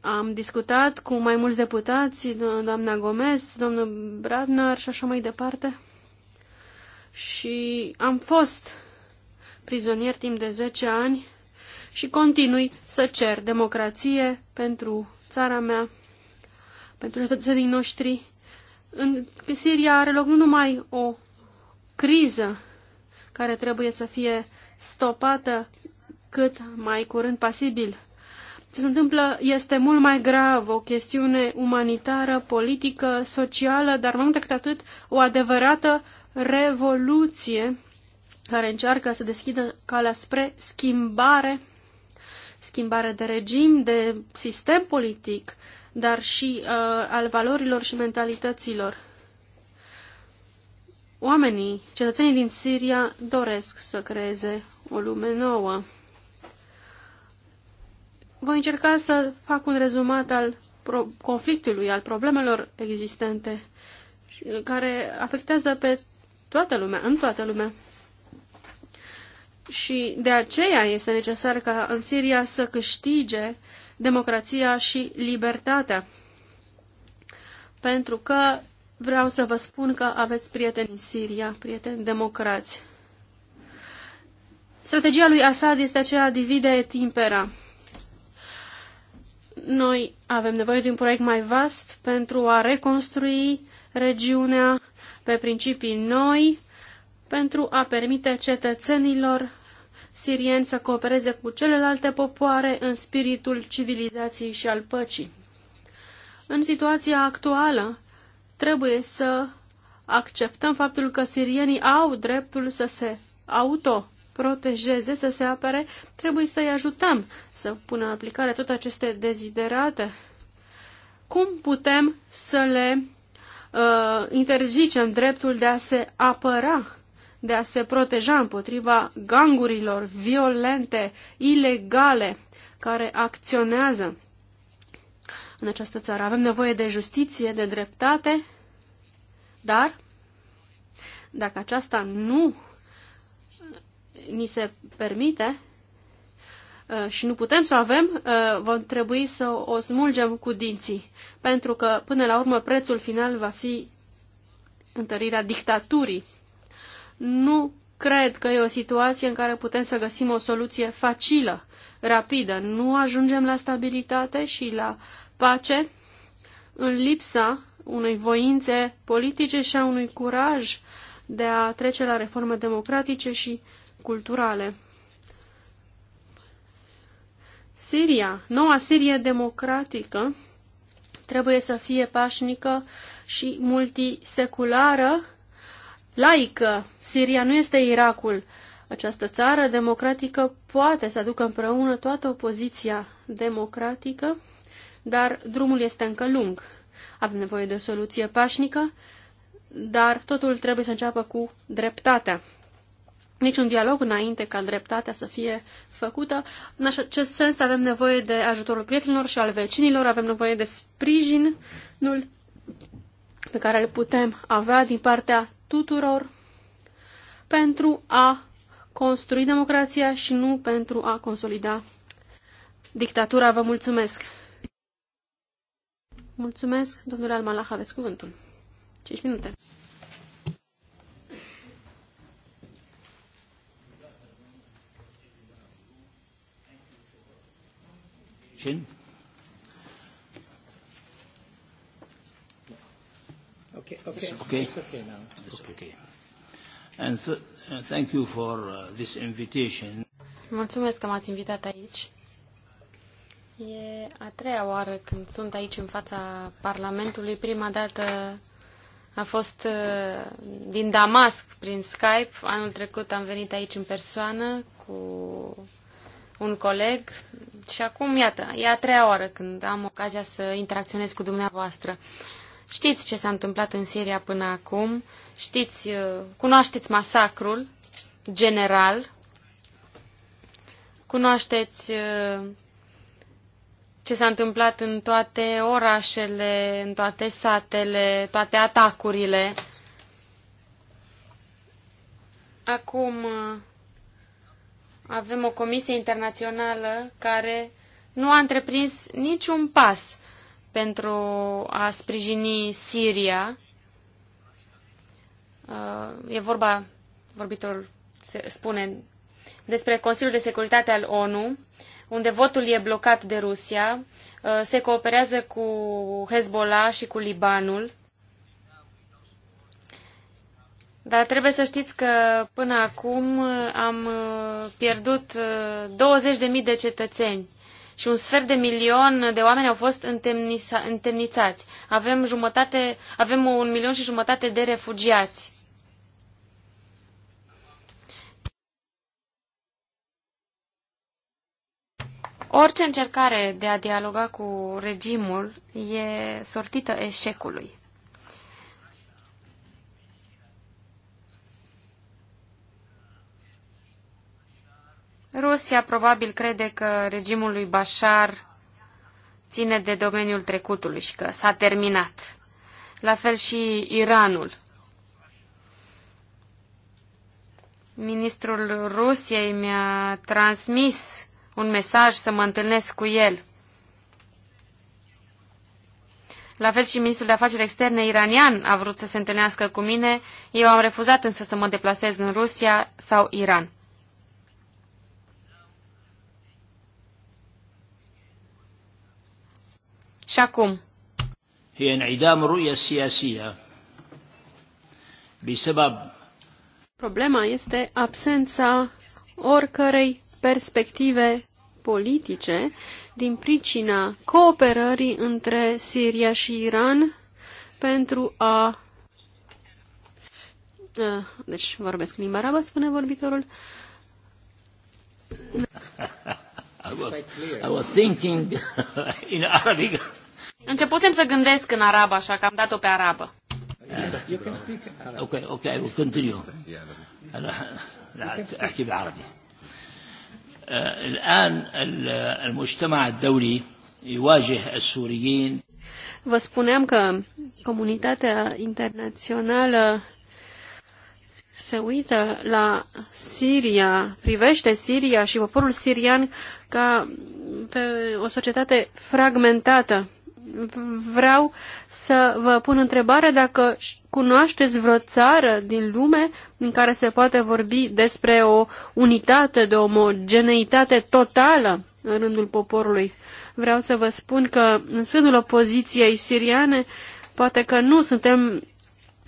S3: Am discutat cu mai mulți deputați, do doamna Gomez, domnul Bradner și așa mai departe. Și am fost prizonier timp de 10 ani și continui să cer democrație pentru țara mea, pentru cetățenii noștri în Siria are loc nu numai o criză care trebuie să fie stopată cât mai curând pasibil. Ce se întâmplă este mult mai grav, o chestiune umanitară, politică, socială, dar mai mult decât atât, o adevărată revoluție care încearcă să deschidă calea spre schimbare, schimbare de regim, de sistem politic, dar și uh, al valorilor și mentalităților. Oamenii, cetățenii din Siria, doresc să creeze o lume nouă. Voi încerca să fac un rezumat al conflictului, al problemelor existente, care afectează pe toată lumea, în toată lumea. Și de aceea este necesar ca în Siria să câștige democrația și libertatea. Pentru că vreau să vă spun că aveți prieteni în Siria, prieteni democrați. Strategia lui Assad este aceea divide et impera. Noi avem nevoie de un proiect mai vast pentru a reconstrui regiunea pe principii noi, pentru a permite cetățenilor sirieni să coopereze cu celelalte popoare în spiritul civilizației și al păcii. În situația actuală, trebuie să acceptăm faptul că sirienii au dreptul să se autoprotejeze, să se apere, trebuie să-i ajutăm să pună în aplicare toate aceste deziderate. Cum putem să le uh, interzicem dreptul de a se apăra? de a se proteja împotriva gangurilor violente, ilegale, care acționează în această țară. Avem nevoie de justiție, de dreptate, dar dacă aceasta nu ni se permite uh, și nu putem să o avem, uh, vom trebui să o smulgem cu dinții, pentru că până la urmă prețul final va fi întărirea dictaturii nu cred că e o situație în care putem să găsim o soluție facilă, rapidă. Nu ajungem la stabilitate și la pace în lipsa unei voințe politice și a unui curaj de a trece la reforme democratice și culturale. Siria, noua Sirie democratică, trebuie să fie pașnică și multiseculară, laică. Siria nu este Irakul. Această țară democratică poate să aducă împreună toată opoziția democratică, dar drumul este încă lung. Avem nevoie de o soluție pașnică, dar totul trebuie să înceapă cu dreptatea. Niciun dialog înainte ca dreptatea să fie făcută. În acest sens avem nevoie de ajutorul prietenilor și al vecinilor, avem nevoie de sprijinul pe care îl putem avea din partea tuturor pentru a construi democrația și nu pentru a consolida dictatura. Vă mulțumesc! Mulțumesc, domnule Almalah, aveți cuvântul. 5 minute.
S1: you. Okay, okay. It's okay. It's okay now. okay. okay. And th uh, thank you for uh, this invitation.
S2: Mulțumesc că m-ați invitat aici. E a treia oară când sunt aici în fața Parlamentului. Prima dată a fost uh, din Damasc prin Skype. Anul trecut am venit aici în persoană cu un coleg și acum, iată, e a treia oară când am ocazia să interacționez cu dumneavoastră. Uh, Știți ce s-a întâmplat în Siria până acum, știți, uh, cunoașteți masacrul general, cunoașteți uh, ce s-a întâmplat în toate orașele, în toate satele, toate atacurile. Acum uh, avem o comisie internațională care nu a întreprins niciun pas pentru a sprijini Siria. Uh, e vorba, vorbitorul spune, despre Consiliul de Securitate al ONU, unde votul e blocat de Rusia, uh, se cooperează cu Hezbollah și cu Libanul. Dar trebuie să știți că până acum am uh, pierdut 20.000 de cetățeni și un sfert de milion de oameni au fost întemnițați. Avem, jumătate, avem un milion și jumătate de refugiați. Orice încercare de a dialoga cu regimul e sortită eșecului. Rusia probabil crede că regimul lui Bashar ține de domeniul trecutului și că s-a terminat. La fel și Iranul. Ministrul Rusiei mi-a transmis un mesaj să mă întâlnesc cu el. La fel și ministrul de afaceri externe iranian a vrut să se întâlnească cu mine, eu am refuzat însă să mă deplasez în Rusia sau Iran. Și acum.
S1: هي انعدام الرؤية السياسية بسبب
S3: Problema este absența oricărei perspective politice din pricina cooperării între Siria și Iran pentru a deci vorbesc limba arabă, spune vorbitorul.
S1: I was, I was thinking in Arabic.
S2: Începusem să gândesc în arabă, așa că am dat-o pe arabă.
S1: You can speak Okay, okay, we'll continue. احكي بالعربي. الان المجتمع الدولي يواجه السوريين
S3: Vă spuneam că comunitatea internațională se uită la Siria, privește Siria și poporul sirian ca pe o societate fragmentată vreau să vă pun întrebarea dacă cunoașteți vreo țară din lume în care se poate vorbi despre o unitate, de omogeneitate totală în rândul poporului. Vreau să vă spun că în sânul opoziției siriane poate că nu suntem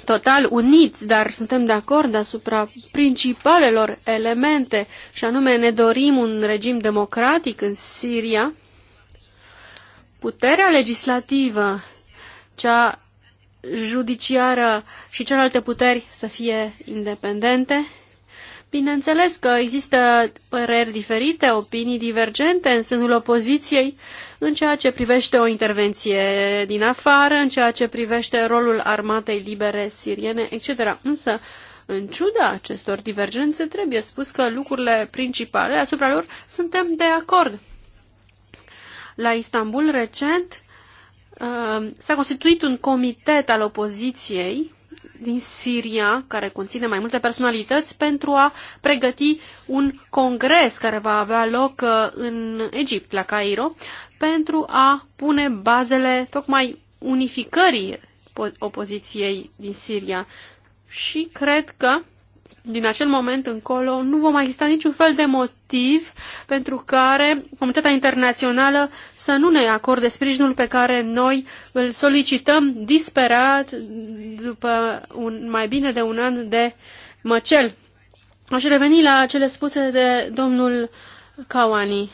S3: total uniți, dar suntem de acord asupra principalelor elemente, și anume ne dorim un regim democratic în Siria, puterea legislativă, cea judiciară și celelalte puteri să fie independente. Bineînțeles că există păreri diferite, opinii divergente în sânul opoziției în ceea ce privește o intervenție din afară, în ceea ce privește rolul armatei libere siriene, etc. Însă, în ciuda acestor divergențe, trebuie spus că lucrurile principale asupra lor suntem de acord la Istanbul recent uh, s-a constituit un comitet al opoziției din Siria, care conține mai multe personalități, pentru a pregăti un congres care va avea loc uh, în Egipt, la Cairo, pentru a pune bazele tocmai unificării opoziției din Siria. Și cred că din acel moment încolo nu va mai exista niciun fel de motiv pentru care comunitatea internațională să nu ne acorde sprijinul pe care noi îl solicităm disperat după un, mai bine de un an de măcel. Aș reveni la cele spuse de domnul Kawani.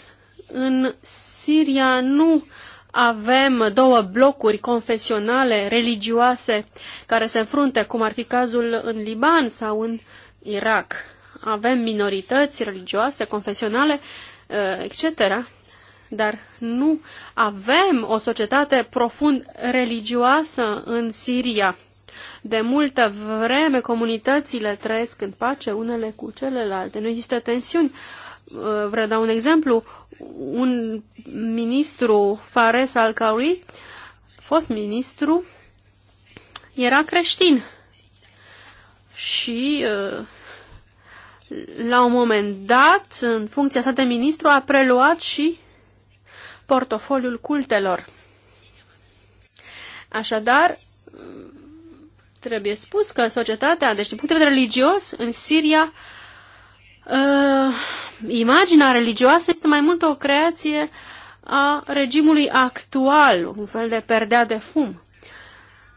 S3: În Siria nu avem două blocuri confesionale, religioase, care se înfrunte, cum ar fi cazul în Liban sau în Irak. Avem minorități religioase, confesionale, eh, etc. Dar nu avem o societate profund religioasă în Siria. De multă vreme comunitățile trăiesc în pace unele cu celelalte. Nu există tensiuni. Eh, vreau da un exemplu. Un ministru, Fares al-Kauri, fost ministru, era creștin și uh, la un moment dat, în funcția sa de ministru, a preluat și portofoliul cultelor. Așadar, trebuie spus că societatea, deci din punct de vedere religios, în Siria, uh, imaginea religioasă este mai mult o creație a regimului actual, un fel de perdea de fum.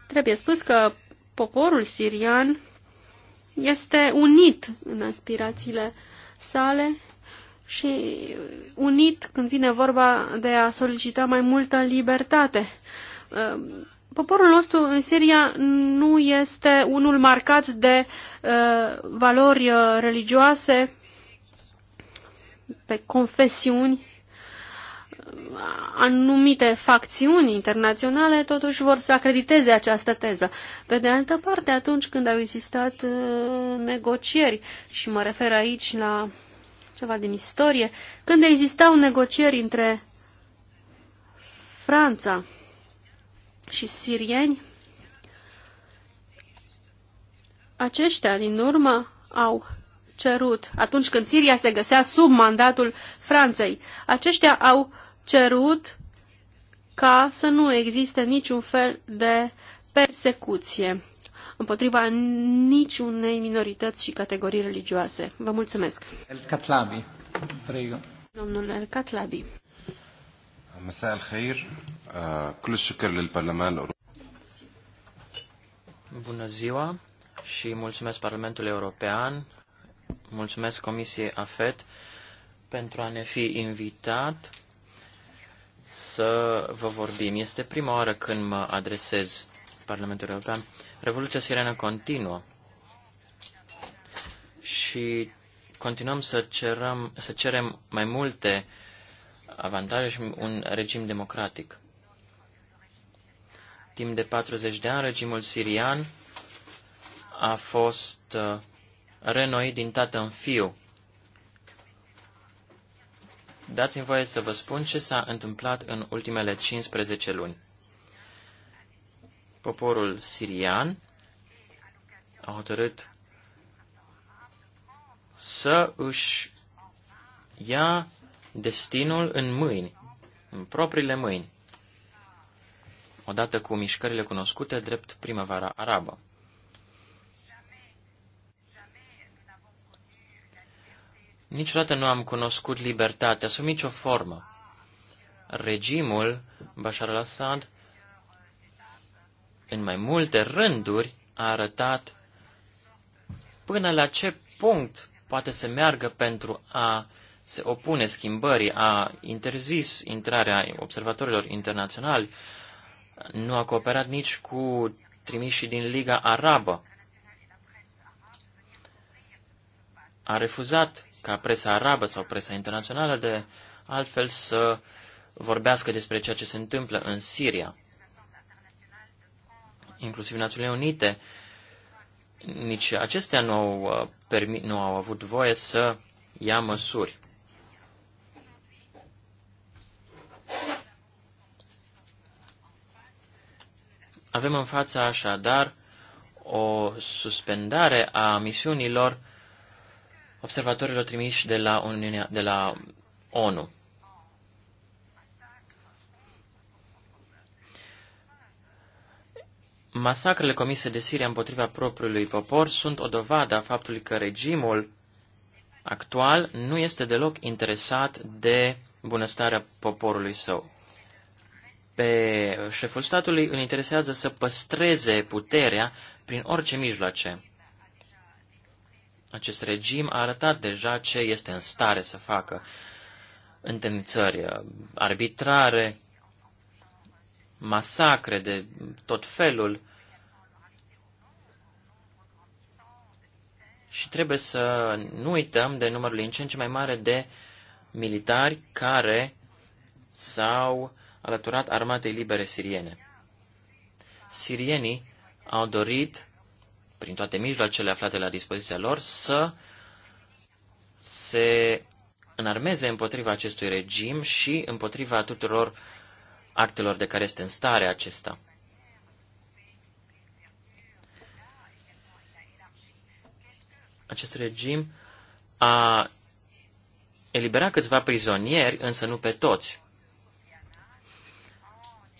S3: Trebuie spus că poporul sirian este unit în aspirațiile sale și unit când vine vorba de a solicita mai multă libertate. Uh, poporul nostru în Siria nu este unul marcat de uh, valori uh, religioase, pe confesiuni anumite facțiuni internaționale totuși vor să acrediteze această teză. Pe de altă parte, atunci când au existat uh, negocieri, și mă refer aici la ceva din istorie, când existau negocieri între Franța și sirieni, aceștia din urmă au cerut, atunci când Siria se găsea sub mandatul Franței, aceștia au cerut ca să nu existe niciun fel de persecuție împotriva niciunei minorități și categorii religioase. Vă mulțumesc.
S1: El Katlabi, prego.
S3: Domnul El Katlabi.
S1: مساء الخير كل Bună ziua și mulțumesc Parlamentului European, mulțumesc Comisiei AFET pentru a ne fi invitat să vă vorbim. Este prima oară când mă adresez parlamentului European. Revoluția Sirenă continuă și continuăm să, cerăm, să cerem mai multe avantaje și un regim democratic. Timp de 40 de ani, regimul sirian a fost uh, renoit din tată în fiu Dați-mi voie să vă spun ce s-a întâmplat în ultimele 15 luni. Poporul sirian a hotărât să își ia destinul în mâini, în propriile mâini, odată cu mișcările cunoscute drept primăvara arabă. Niciodată nu am cunoscut libertatea sub nicio formă. Regimul Bashar al-Assad, în mai multe rânduri, a arătat până la ce punct poate să meargă pentru a se opune schimbării, a interzis intrarea observatorilor internaționali, nu a cooperat nici cu trimișii din Liga Arabă, a refuzat ca presa arabă sau presa internațională de altfel să vorbească despre ceea ce se întâmplă în Siria. Inclusiv Națiunile Unite, nici acestea nu au, uh, permis, nu au avut voie să ia măsuri. Avem în fața așadar o suspendare a misiunilor observatorilor trimiși de la, Uniunea, de la ONU. Masacrele comise de Siria împotriva propriului popor sunt o dovadă a faptului că regimul actual nu este deloc interesat de bunăstarea poporului său. Pe șeful statului îl interesează să păstreze puterea prin orice mijloace. Acest regim a arătat deja ce este în stare să facă întemnițări uh, arbitrare, masacre de tot felul. Și trebuie să nu uităm de numărul în ce în ce mai mare de militari care s-au alăturat armatei libere siriene. Sirienii au dorit prin toate mijloacele aflate la dispoziția lor, să se înarmeze împotriva acestui regim și împotriva tuturor actelor de care este în stare acesta. Acest regim a eliberat câțiva prizonieri, însă nu pe toți.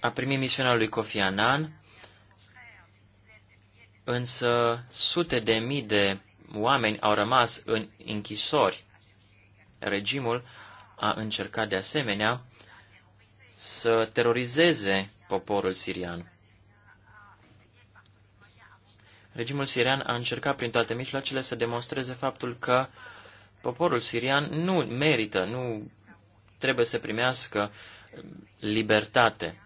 S1: A primit misiunea lui Kofi Annan însă sute de mii de oameni au rămas în închisori. Regimul a încercat de asemenea să terorizeze poporul sirian. Regimul sirian a încercat prin toate mijloacele să demonstreze faptul că poporul sirian nu merită, nu trebuie să primească libertate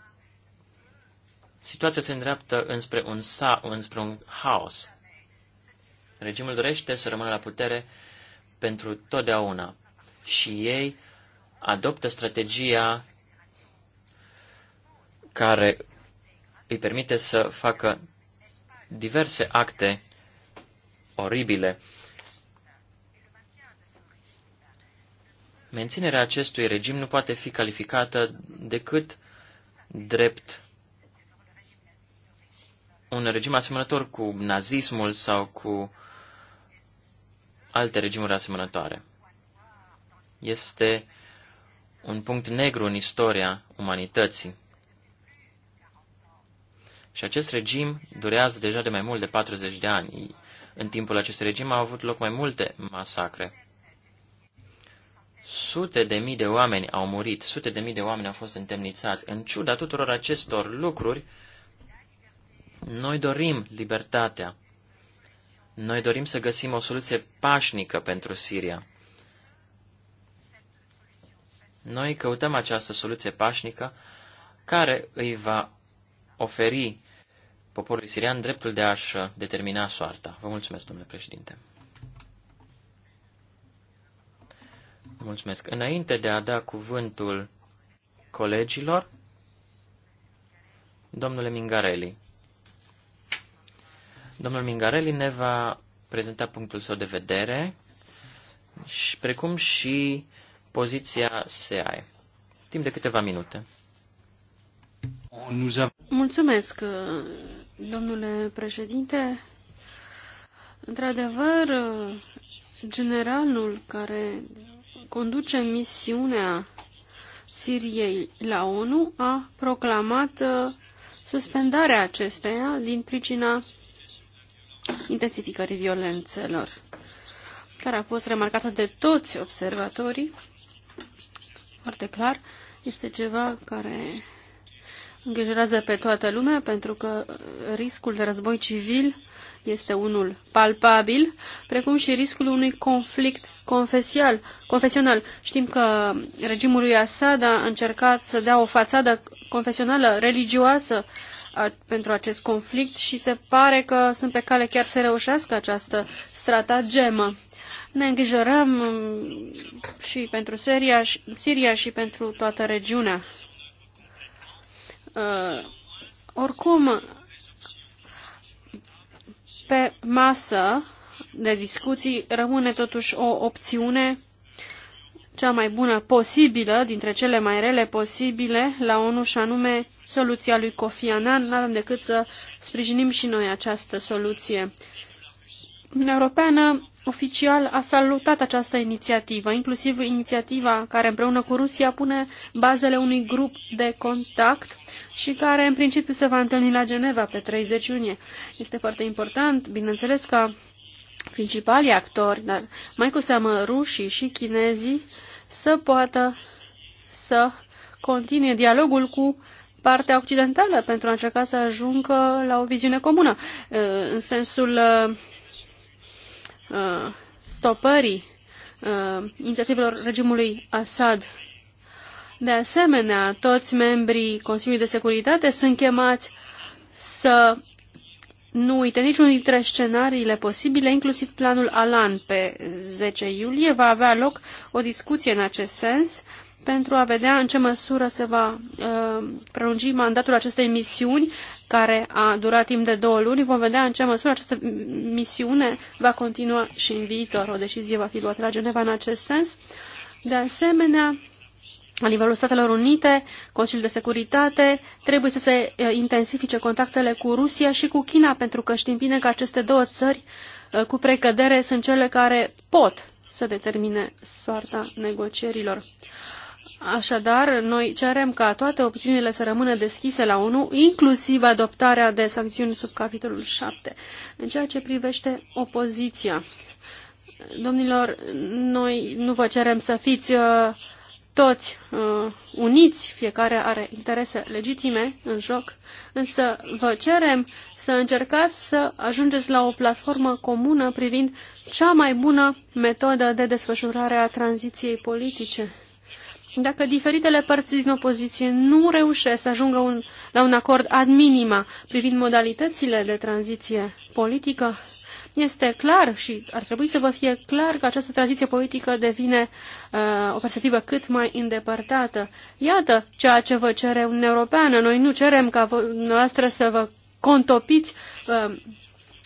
S1: situația se îndreaptă înspre un, sa, înspre un haos. Regimul dorește să rămână la putere pentru totdeauna și ei adoptă strategia care îi permite să facă diverse acte oribile. Menținerea acestui regim nu poate fi calificată decât drept un regim asemănător cu nazismul sau cu alte regimuri asemănătoare. Este un punct negru în istoria umanității. Și acest regim durează deja de mai mult de 40 de ani. În timpul acestui regim au avut loc mai multe masacre. Sute de mii de oameni au murit, sute de mii de oameni au fost întemnițați. În ciuda tuturor acestor lucruri, noi dorim libertatea. Noi dorim să găsim o soluție pașnică pentru Siria. Noi căutăm această soluție pașnică care îi va oferi poporului sirian dreptul de a-și determina soarta. Vă mulțumesc, domnule președinte. Mulțumesc. Înainte de a da cuvântul colegilor, domnule Mingarelli, Domnul Mingarelli ne va prezenta punctul său de vedere, și, precum și poziția SEAE. Timp de câteva minute.
S3: Mulțumesc, domnule președinte. Într-adevăr, generalul care conduce misiunea Siriei la ONU a proclamat suspendarea acesteia din pricina intensificării violențelor, care a fost remarcată de toți observatorii, foarte clar, este ceva care îngrijorează pe toată lumea, pentru că riscul de război civil este unul palpabil, precum și riscul unui conflict confesial, confesional. Știm că regimul lui Assad a încercat să dea o fațadă confesională, religioasă, uh, pentru acest conflict și se pare că sunt pe cale chiar să reușească această stratagemă. Ne îngrijorăm um, și pentru Siria și, Siria și pentru toată regiunea. Uh, oricum, pe masă de discuții rămâne totuși o opțiune cea mai bună posibilă, dintre cele mai rele posibile, la ONU și anume soluția lui Kofi Annan. Nu avem decât să sprijinim și noi această soluție. Uniunea Europeană oficial a salutat această inițiativă, inclusiv inițiativa care împreună cu Rusia pune bazele unui grup de contact și care în principiu se va întâlni la Geneva pe 30 iunie. Este foarte important, bineînțeles că principalii actori, dar mai cu seamă rușii și chinezii, să poată să continue dialogul cu partea occidentală pentru a încerca să ajungă la o viziune comună, uh, în sensul uh, uh, stopării inițiativelor regimului Assad. De asemenea, toți membrii Consiliului de Securitate sunt chemați să nu uite niciunul dintre scenariile posibile, inclusiv planul Alan pe 10 iulie. Va avea loc o discuție în acest sens pentru a vedea în ce măsură se va uh, prelungi mandatul acestei misiuni, care a durat timp de două luni. Vom vedea în ce măsură această misiune va continua și în viitor. O decizie va fi luată la Geneva în acest sens. De asemenea, la nivelul Statelor Unite, Consiliul de Securitate, trebuie să se intensifice contactele cu Rusia și cu China, pentru că știm bine că aceste două țări cu precădere sunt cele care pot să determine soarta negocierilor. Așadar, noi cerem ca toate opțiunile să rămână deschise la ONU, inclusiv adoptarea de sancțiuni sub capitolul 7. În ceea ce privește opoziția, domnilor, noi nu vă cerem să fiți uh, toți uh, uniți, fiecare are interese legitime în joc, însă vă cerem să încercați să ajungeți la o platformă comună privind cea mai bună metodă de desfășurare a tranziției politice dacă diferitele părți din opoziție nu reușesc să ajungă un, la un acord ad minima privind modalitățile de tranziție politică, este clar și ar trebui să vă fie clar că această tranziție politică devine uh, o perspectivă cât mai îndepărtată. Iată ceea ce vă cere un european. Noi nu cerem ca noastră să vă contopiți uh,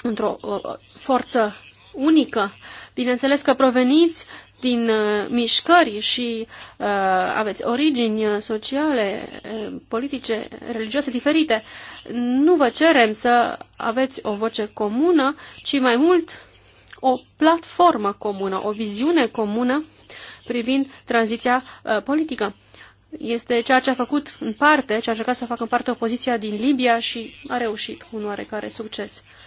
S3: într-o uh, forță unică. Bineînțeles că proveniți din uh, mișcări și uh, aveți origini uh, sociale, uh, politice, religioase diferite. Nu vă cerem să aveți o voce comună, ci mai mult o platformă comună, o viziune comună privind tranziția uh, politică. Este ceea ce a făcut în parte, ce a încercat să facă în parte opoziția din Libia și a reușit un oarecare succes. Uh,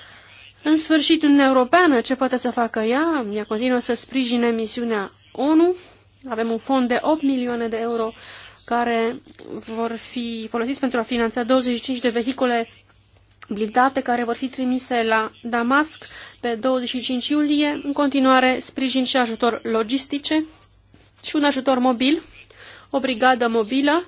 S3: în sfârșit, Uniunea Europeană, ce poate să facă ea? Ea continuă să sprijine misiunea ONU. Avem un fond de 8 milioane de euro care vor fi folosiți pentru a finanța 25 de vehicule blindate care vor fi trimise la Damasc pe 25 iulie, în continuare sprijin și ajutor logistice și un ajutor mobil, o brigadă mobilă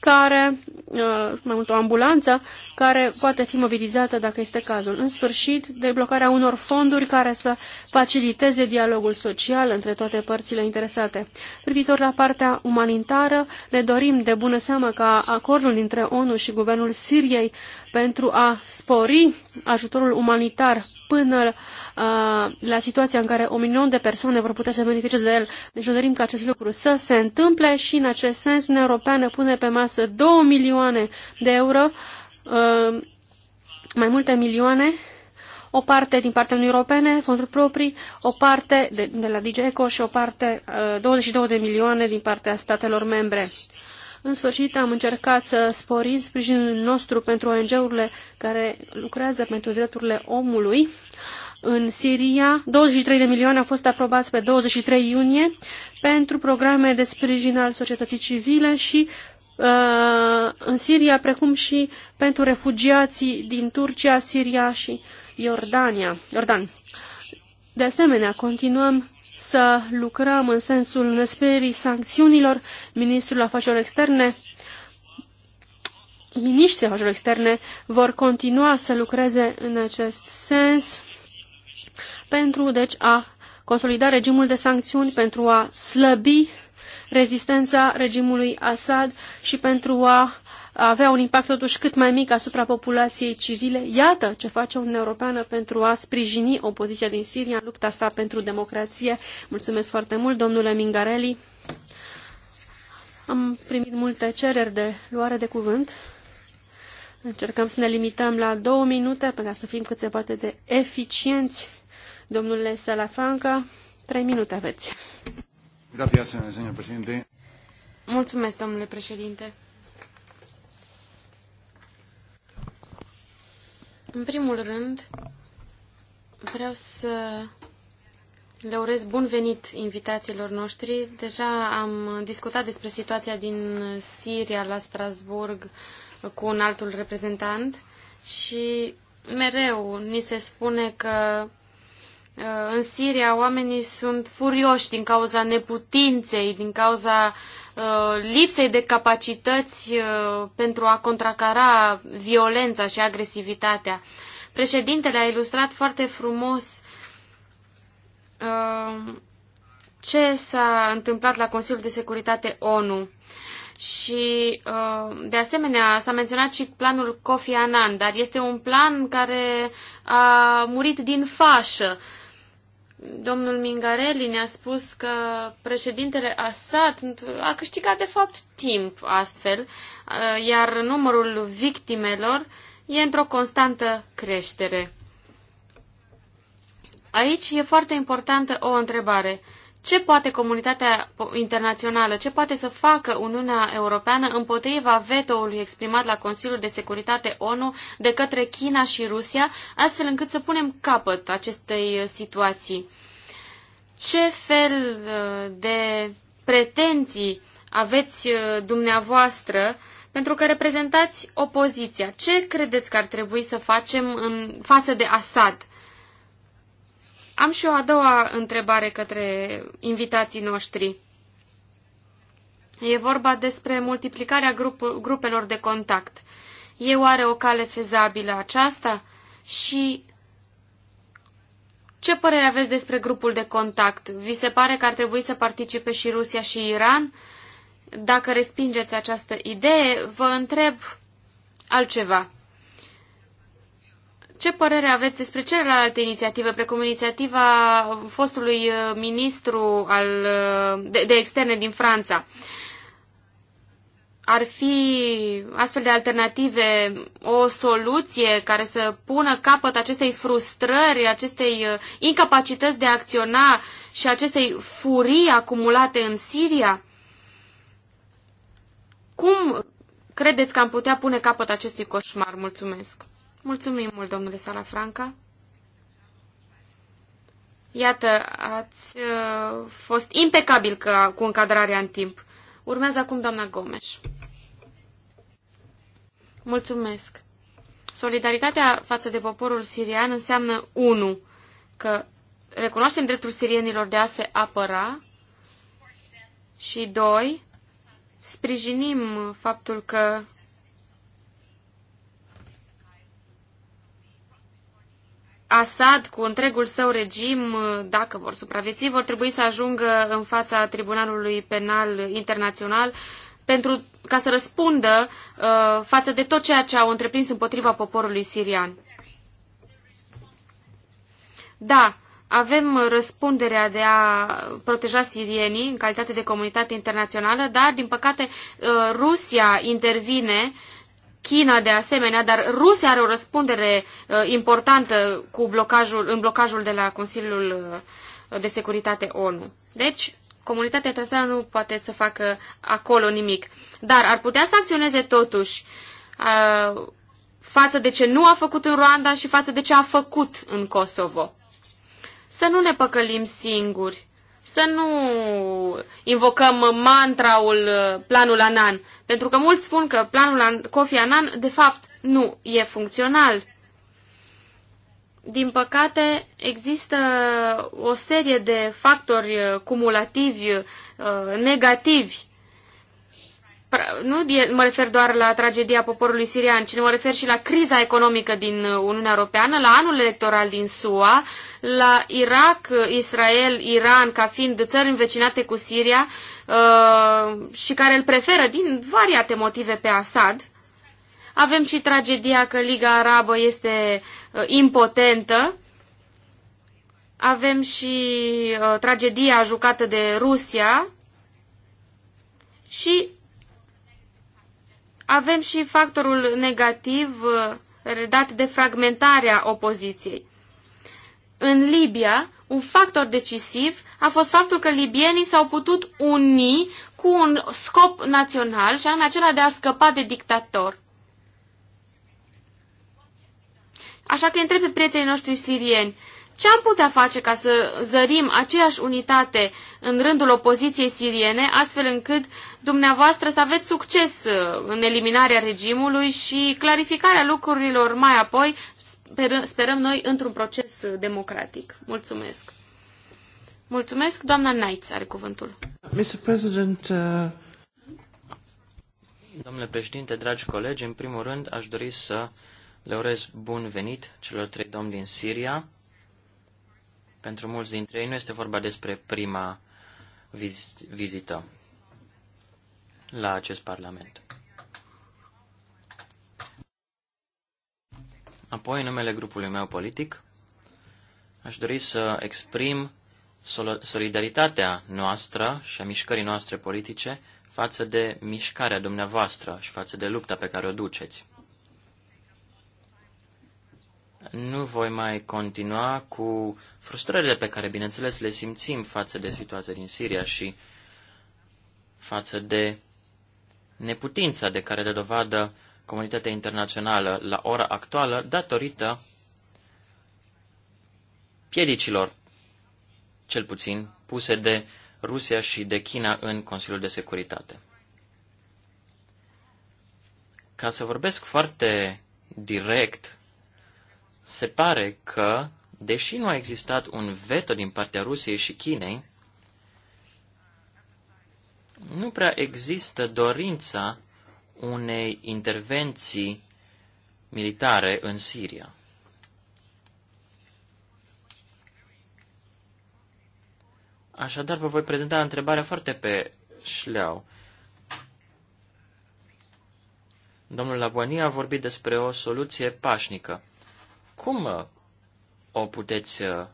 S3: care, uh, mai mult o ambulanță, care poate fi mobilizată dacă este cazul. În sfârșit, deblocarea unor fonduri care să faciliteze dialogul social între toate părțile interesate. Privitor la partea umanitară, ne dorim de bună seamă ca acordul dintre ONU și Guvernul Siriei pentru a spori ajutorul umanitar până uh, la situația în care o milion de persoane vor putea să beneficieze de el. Deci dorim ca acest lucru să se întâmple și în acest sens Uniunea Europeană pune pe masă 2 milioane de euro, uh, mai multe milioane, o parte din partea Uniunii Europene, fonduri proprii, o parte de, de la DG ECO și o parte, uh, 22 de milioane din partea statelor membre. În sfârșit, am încercat să sporim sprijinul nostru pentru ONG-urile care lucrează pentru drepturile omului în Siria. 23 de milioane au fost aprobați pe 23 iunie pentru programe de sprijin al societății civile și uh, în Siria, precum și pentru refugiații din Turcia, Siria și Iordania. Iordan. De asemenea, continuăm să lucrăm în sensul năsperii sancțiunilor. Ministrul Afacerilor Externe, miniștrii afacerilor externe vor continua să lucreze în acest sens pentru deci a consolida regimul de sancțiuni, pentru a slăbi rezistența regimului Assad și pentru a avea un impact totuși cât mai mic asupra populației civile. Iată ce face Uniunea Europeană pentru a sprijini opoziția din Siria în lupta sa pentru democrație. Mulțumesc foarte mult, domnule Mingarelli. Am primit multe cereri de luare de cuvânt. Încercăm să ne limităm la două minute pentru a să fim cât se poate de eficienți. Domnule Salafranca, trei minute aveți.
S1: Gracias, señor presidente.
S2: Mulțumesc, domnule președinte. În primul rând, vreau să le urez bun venit invitațiilor noștri. Deja am discutat despre situația din Siria la Strasburg cu un altul reprezentant și mereu ni se spune că Uh, în Siria oamenii sunt furioși din cauza neputinței, din cauza uh, lipsei de capacități uh, pentru a contracara violența și agresivitatea. Președintele a ilustrat foarte frumos ce s-a întâmplat la Consiliul de Securitate ONU. Și, de asemenea, s-a menționat și planul Kofi Annan, dar este un plan care a murit din fașă. Domnul Mingarelli ne-a spus că președintele Assad a câștigat de fapt timp astfel, uh, iar numărul victimelor e într-o constantă creștere. Aici e foarte importantă o întrebare ce poate comunitatea internațională, ce poate să facă Uniunea Europeană împotriva vetoului exprimat la Consiliul de Securitate ONU de către China și Rusia, astfel încât să punem capăt acestei situații. Ce fel uh, de pretenții aveți uh, dumneavoastră pentru că reprezentați opoziția? Ce credeți că ar trebui să facem în față de Assad? Am și o a doua întrebare către invitații noștri. E vorba despre multiplicarea grup grupelor de contact. E oare o cale fezabilă aceasta? Și ce părere aveți despre grupul de contact? Vi se pare că ar trebui să participe și Rusia și Iran? Dacă respingeți această idee, vă întreb altceva. Ce părere aveți despre celelalte inițiative, precum inițiativa fostului uh, ministru al, uh, de, de externe din Franța? Ar fi astfel de alternative o soluție care să pună capăt acestei frustrări, acestei uh, incapacități de a acționa și acestei furii acumulate în Siria? Cum credeți că am putea pune capăt acestui coșmar? Mulțumesc! Mulțumim mult, domnule Salafranca. Iată, ați uh, fost impecabil că, cu încadrarea în timp. Urmează acum doamna Gomes. Mulțumesc. Solidaritatea față de poporul sirian înseamnă, unu, că recunoaștem dreptul sirienilor de a se apăra și, doi, sprijinim faptul că Assad cu întregul său regim, dacă vor supraviețui, vor trebui să ajungă în fața Tribunalului Penal Internațional pentru ca să răspundă uh, față de tot ceea ce au întreprins împotriva poporului sirian. Da, avem răspunderea de a proteja sirienii în calitate de comunitate internațională, dar, din păcate, uh, Rusia intervine China de asemenea, dar Rusia are o răspundere uh, importantă cu blocajul, în blocajul de la Consiliul uh, de Securitate ONU. Deci, comunitatea internațională nu poate să facă acolo nimic. Dar ar putea să acționeze totuși uh, față de ce nu a făcut în Rwanda și față de ce a făcut în Kosovo. Să nu ne păcălim singuri să nu invocăm mantraul uh, planul Anan, pentru că mulți spun că planul Kofi Anan, de fapt, nu e funcțional. Din păcate, există o serie de factori uh, cumulativi uh, negativi nu mă refer doar la tragedia poporului sirian, ci mă refer și la criza economică din Uniunea Europeană, la anul electoral din SUA, la Irak, Israel, Iran, ca fiind țări învecinate cu Siria uh, și care îl preferă din variate motive pe Assad. Avem și tragedia că Liga Arabă este uh, impotentă. Avem și uh, tragedia jucată de Rusia și avem și factorul negativ uh, dat de fragmentarea opoziției. În Libia, un factor decisiv a fost faptul că libienii s-au putut uni cu un scop național și anume acela de a scăpa de dictator. Așa că întreb pe prietenii noștri sirieni, ce am putea face ca să zărim aceeași unitate în rândul opoziției siriene, astfel încât dumneavoastră să aveți succes uh, în eliminarea regimului și clarificarea lucrurilor mai apoi, sperăm noi, într-un proces uh, democratic? Mulțumesc! Mulțumesc, doamna Naitz are cuvântul. Mr. President, uh...
S1: Domnule președinte, dragi colegi, în primul rând aș dori să le urez bun venit celor trei domni din Siria pentru mulți dintre ei nu este vorba despre prima viz- vizită la acest Parlament. Apoi, în numele grupului meu politic, aș dori să exprim solidaritatea noastră și a mișcării noastre politice față de mișcarea dumneavoastră și față de lupta pe care o duceți. Nu voi mai continua cu frustrările pe care, bineînțeles, le simțim față de situația din Siria și față de neputința de care de dovadă comunitatea internațională la ora actuală datorită piedicilor, cel puțin, puse de Rusia și de China în Consiliul de Securitate. Ca să vorbesc foarte direct se pare că, deși nu a existat un veto din partea Rusiei și Chinei, nu prea există dorința unei intervenții militare în Siria. Așadar, vă voi prezenta întrebarea foarte pe șleau. Domnul Laboani a vorbit despre o soluție pașnică. Cum uh, o puteți uh,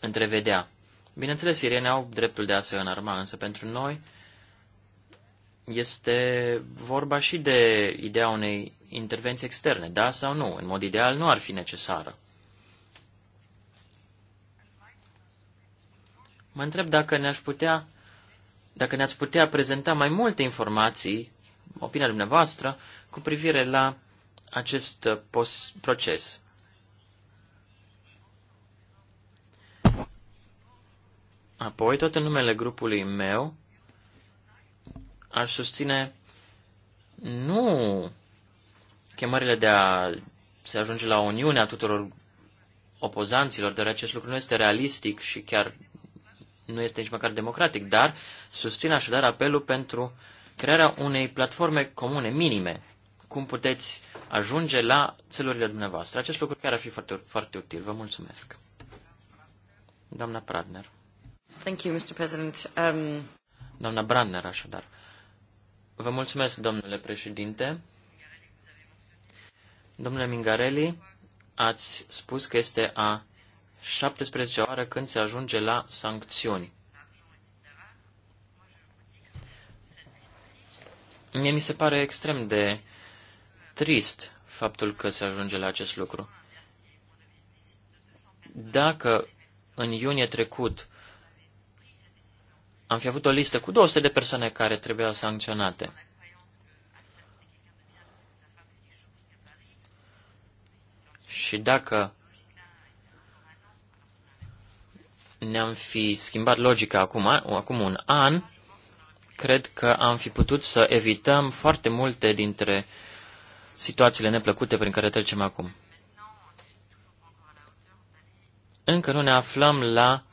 S1: întrevedea? Bineînțeles, sirene au dreptul de a se înarma, însă pentru noi este vorba și de ideea unei intervenții externe, da sau nu. În mod ideal nu ar fi necesară. Mă întreb dacă ne-aș putea, dacă ne-ați putea prezenta mai multe informații, opinia dumneavoastră, cu privire la acest uh, proces. Apoi, tot în numele grupului meu, aș susține nu chemările de a se ajunge la uniunea tuturor opozanților, dar acest lucru nu este realistic și chiar nu este nici măcar democratic, dar susțin așadar apelul pentru crearea unei platforme comune, minime, cum puteți ajunge la țelurile dumneavoastră. Acest lucru chiar ar fi foarte, foarte util. Vă mulțumesc. Doamna Pradner. Thank you, Mr. President. Um... Doamna Brandner, așadar. Vă mulțumesc, domnule președinte. Domnule Mingarelli, ați spus că este a 17 oară când se ajunge la sancțiuni. Mie mi se pare extrem de trist faptul că se ajunge la acest lucru. Dacă în iunie trecut am fi avut o listă cu 200 de persoane care trebuiau sancționate. Și dacă ne-am fi schimbat logica acum, acum un an, cred că am fi putut să evităm foarte multe dintre situațiile neplăcute prin care trecem acum. Încă nu ne aflăm la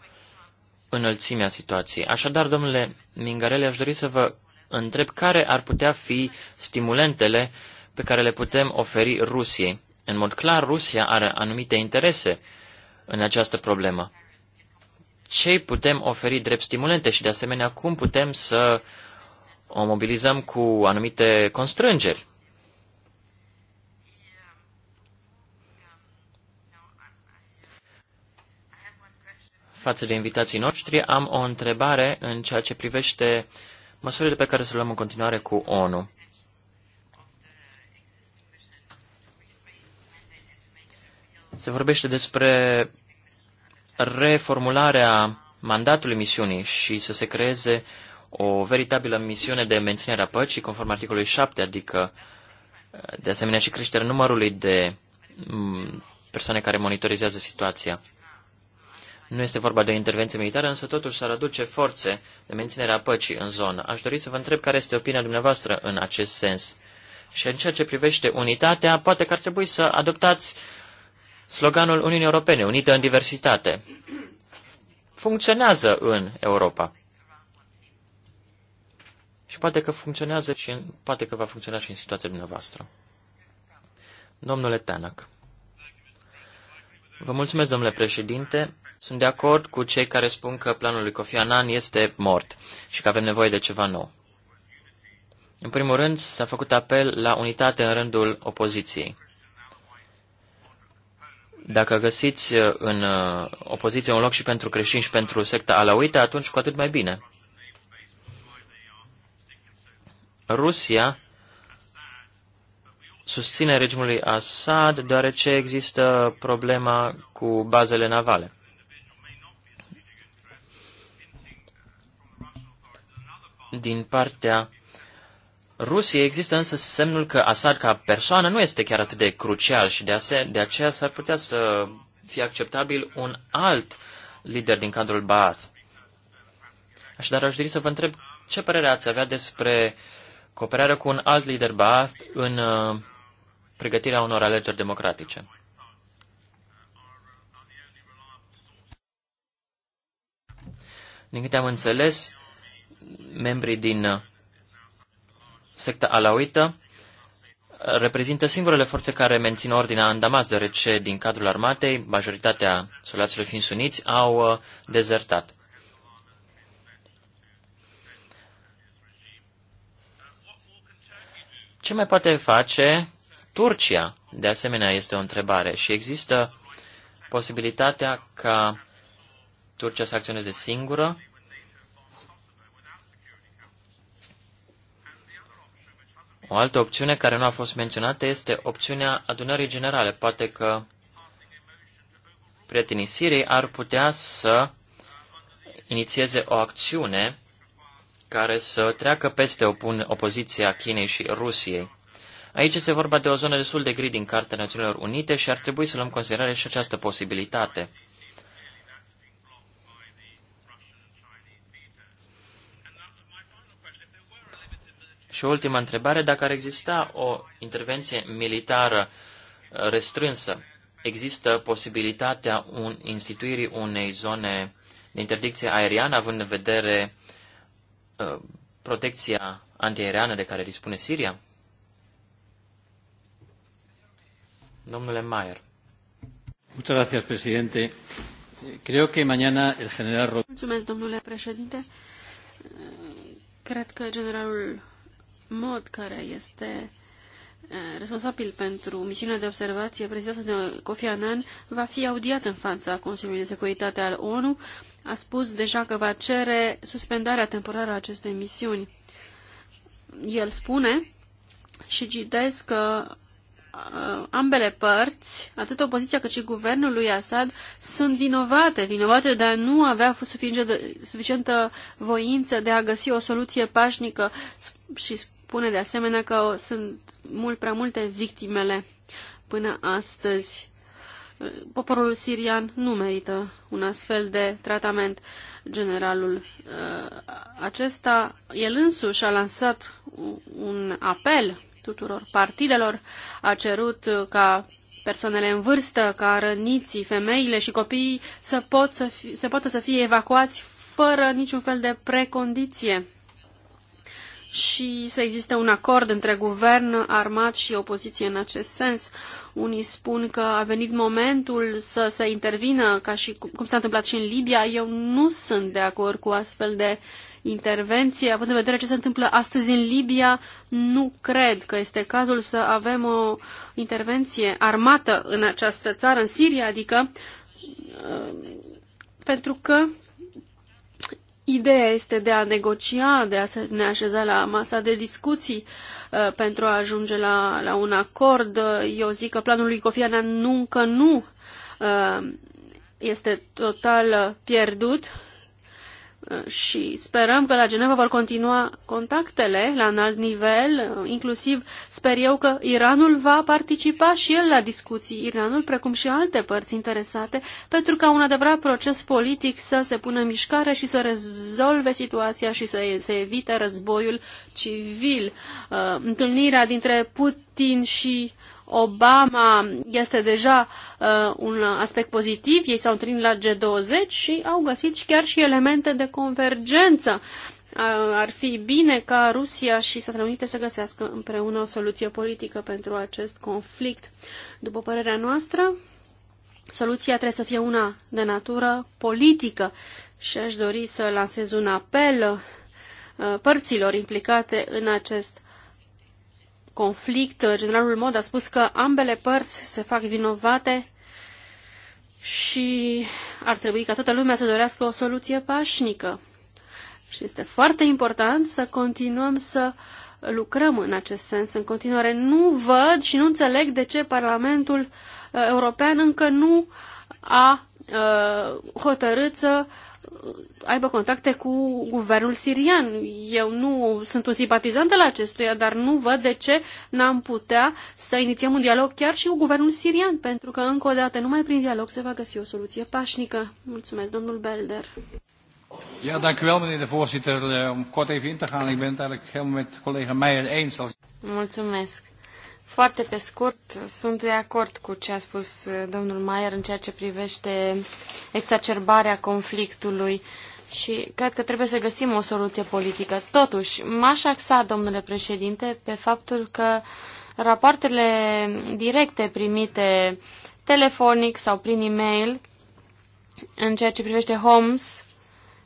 S1: înălțimea situației. Așadar, domnule Mingarele, aș dori să vă întreb care ar putea fi stimulentele pe care le putem oferi Rusiei. În mod clar, Rusia are anumite interese în această problemă. Ce putem oferi drept stimulente și, de asemenea, cum putem să o mobilizăm cu anumite constrângeri? față de invitații noștri, am o întrebare în ceea ce privește măsurile pe care să le luăm în continuare cu ONU. Se vorbește despre reformularea mandatului misiunii și să se creeze o veritabilă misiune de menținere a păcii, conform articolului 7, adică de asemenea și creșterea numărului de mm, persoane care monitorizează situația. Nu este vorba de o intervenție militară, însă totuși s-ar aduce forțe de menținere a păcii în zonă. Aș dori să vă întreb care este opinia dumneavoastră în acest sens. Și în ceea ce privește unitatea, poate că ar trebui să adoptați sloganul Uniunii Europene, unită în diversitate. Funcționează în Europa. Și poate că funcționează și poate că va funcționa și în situația dumneavoastră. Domnule Tanak. Vă mulțumesc, domnule președinte. Sunt de acord cu cei care spun că planul lui Kofi Annan este mort și că avem nevoie de ceva nou. În primul rând, s-a făcut apel la unitate în rândul opoziției. Dacă găsiți uh, în uh, opoziție un loc și pentru creștini și pentru secta alauită, atunci cu atât mai bine. Rusia susține regimului Assad, deoarece există problema cu bazele navale. Din partea Rusiei există însă semnul că Assad ca persoană nu este chiar atât de crucial și de, ase- de aceea s-ar putea să fie acceptabil un alt lider din cadrul Baath. Așadar, aș dori să vă întreb ce părere ați avea despre cooperarea cu un alt lider Baath în uh, pregătirea unor alegeri democratice. Din câte am înțeles, membrii din uh, secta alauită uh, reprezintă singurele forțe care mențin ordinea în Damas, deoarece din cadrul armatei, majoritatea soldaților fiind suniți, au uh, dezertat. Ce mai poate face Turcia, de asemenea, este o întrebare și există posibilitatea ca Turcia să acționeze singură O altă opțiune care nu a fost menționată este opțiunea adunării generale. Poate că prietenii Siriei ar putea să inițieze o acțiune care să treacă peste opoziția Chinei și Rusiei. Aici este vorba de o zonă destul de gri din Cartea Națiunilor Unite și ar trebui să luăm considerare și această posibilitate. Și o ultima întrebare, dacă ar exista o intervenție militară uh, restrânsă, există posibilitatea un, instituirii unei zone de interdicție aeriană, având în vedere uh, protecția antiaeriană de care dispune Siria? Domnule Mayer. Muchas gracias, presidente. Creo que mañana el general...
S3: Mulțumesc, domnule președinte. Cred că generalul Mod, care este eh, responsabil pentru misiunea de observație prezidată de Kofi Annan, va fi audiat în fața Consiliului de Securitate al ONU. A spus deja că va cere suspendarea temporară a acestei misiuni. El spune și citesc că Uh, ambele părți, atât opoziția cât și guvernul lui Assad, sunt vinovate, vinovate de a nu avea fost suficientă voință de a găsi o soluție pașnică și spune de asemenea că sunt mult prea multe victimele până astăzi. Uh, poporul sirian nu merită un astfel de tratament. Generalul uh, acesta, el însuși a lansat un apel tuturor partidelor, a cerut ca persoanele în vârstă, ca răniții, femeile și copiii să, pot să, fi, să poată să fie evacuați fără niciun fel de precondiție și să existe un acord între guvern armat și opoziție în acest sens. Unii spun că a venit momentul să se intervină, ca și cum s-a întâmplat și în Libia. Eu nu sunt de acord cu astfel de intervenție. Având în vedere ce se întâmplă astăzi în Libia, nu cred că este cazul să avem o intervenție armată în această țară, în Siria, adică uh, pentru că ideea este de a negocia, de a ne așeza la masa de discuții uh, pentru a ajunge la, la un acord. Eu zic că planul lui Kofi Annan nu, încă nu uh, este total pierdut și sperăm că la Geneva vor continua contactele la înalt nivel, inclusiv sper eu că Iranul va participa și el la discuții, Iranul precum și alte părți interesate, pentru ca un adevărat proces politic să se pună în mișcare și să rezolve situația și să se evite războiul civil. Uh, întâlnirea dintre Putin și Obama este deja uh, un aspect pozitiv, ei s-au întâlnit la G20 și au găsit chiar și elemente de convergență. Uh, ar fi bine ca Rusia și Statele Unite să găsească împreună o soluție politică pentru acest conflict. După părerea noastră, soluția trebuie să fie una de natură politică și aș dori să lansez un apel uh, părților implicate în acest conflict, uh, generalul Mod a spus că ambele părți se fac vinovate și ar trebui ca toată lumea să dorească o soluție pașnică. Și este foarte important să continuăm să lucrăm în acest sens în continuare. Nu văd și nu înțeleg de ce Parlamentul uh, European încă nu a uh, hotărât să aibă contacte cu guvernul sirian. Eu nu sunt un simpatizant al acestuia, dar nu văd de ce n-am putea să inițiem un dialog chiar și cu guvernul sirian, pentru că, încă o dată, numai prin dialog se va găsi o soluție pașnică. Mulțumesc, domnul Belder. Ja, dank u wel, meneer de voorzitter. Eh, om kort even in te gaan, ik ben het eigenlijk helemaal met collega
S1: Meijer eens. Als...
S2: Mulțumesc. Foarte pe scurt, sunt de acord cu ce a spus uh, domnul Maier în ceea ce privește exacerbarea conflictului și cred că trebuie să găsim o soluție politică. Totuși, m-aș axa, domnule președinte, pe faptul că rapoartele directe primite telefonic sau prin e-mail în ceea ce privește Homs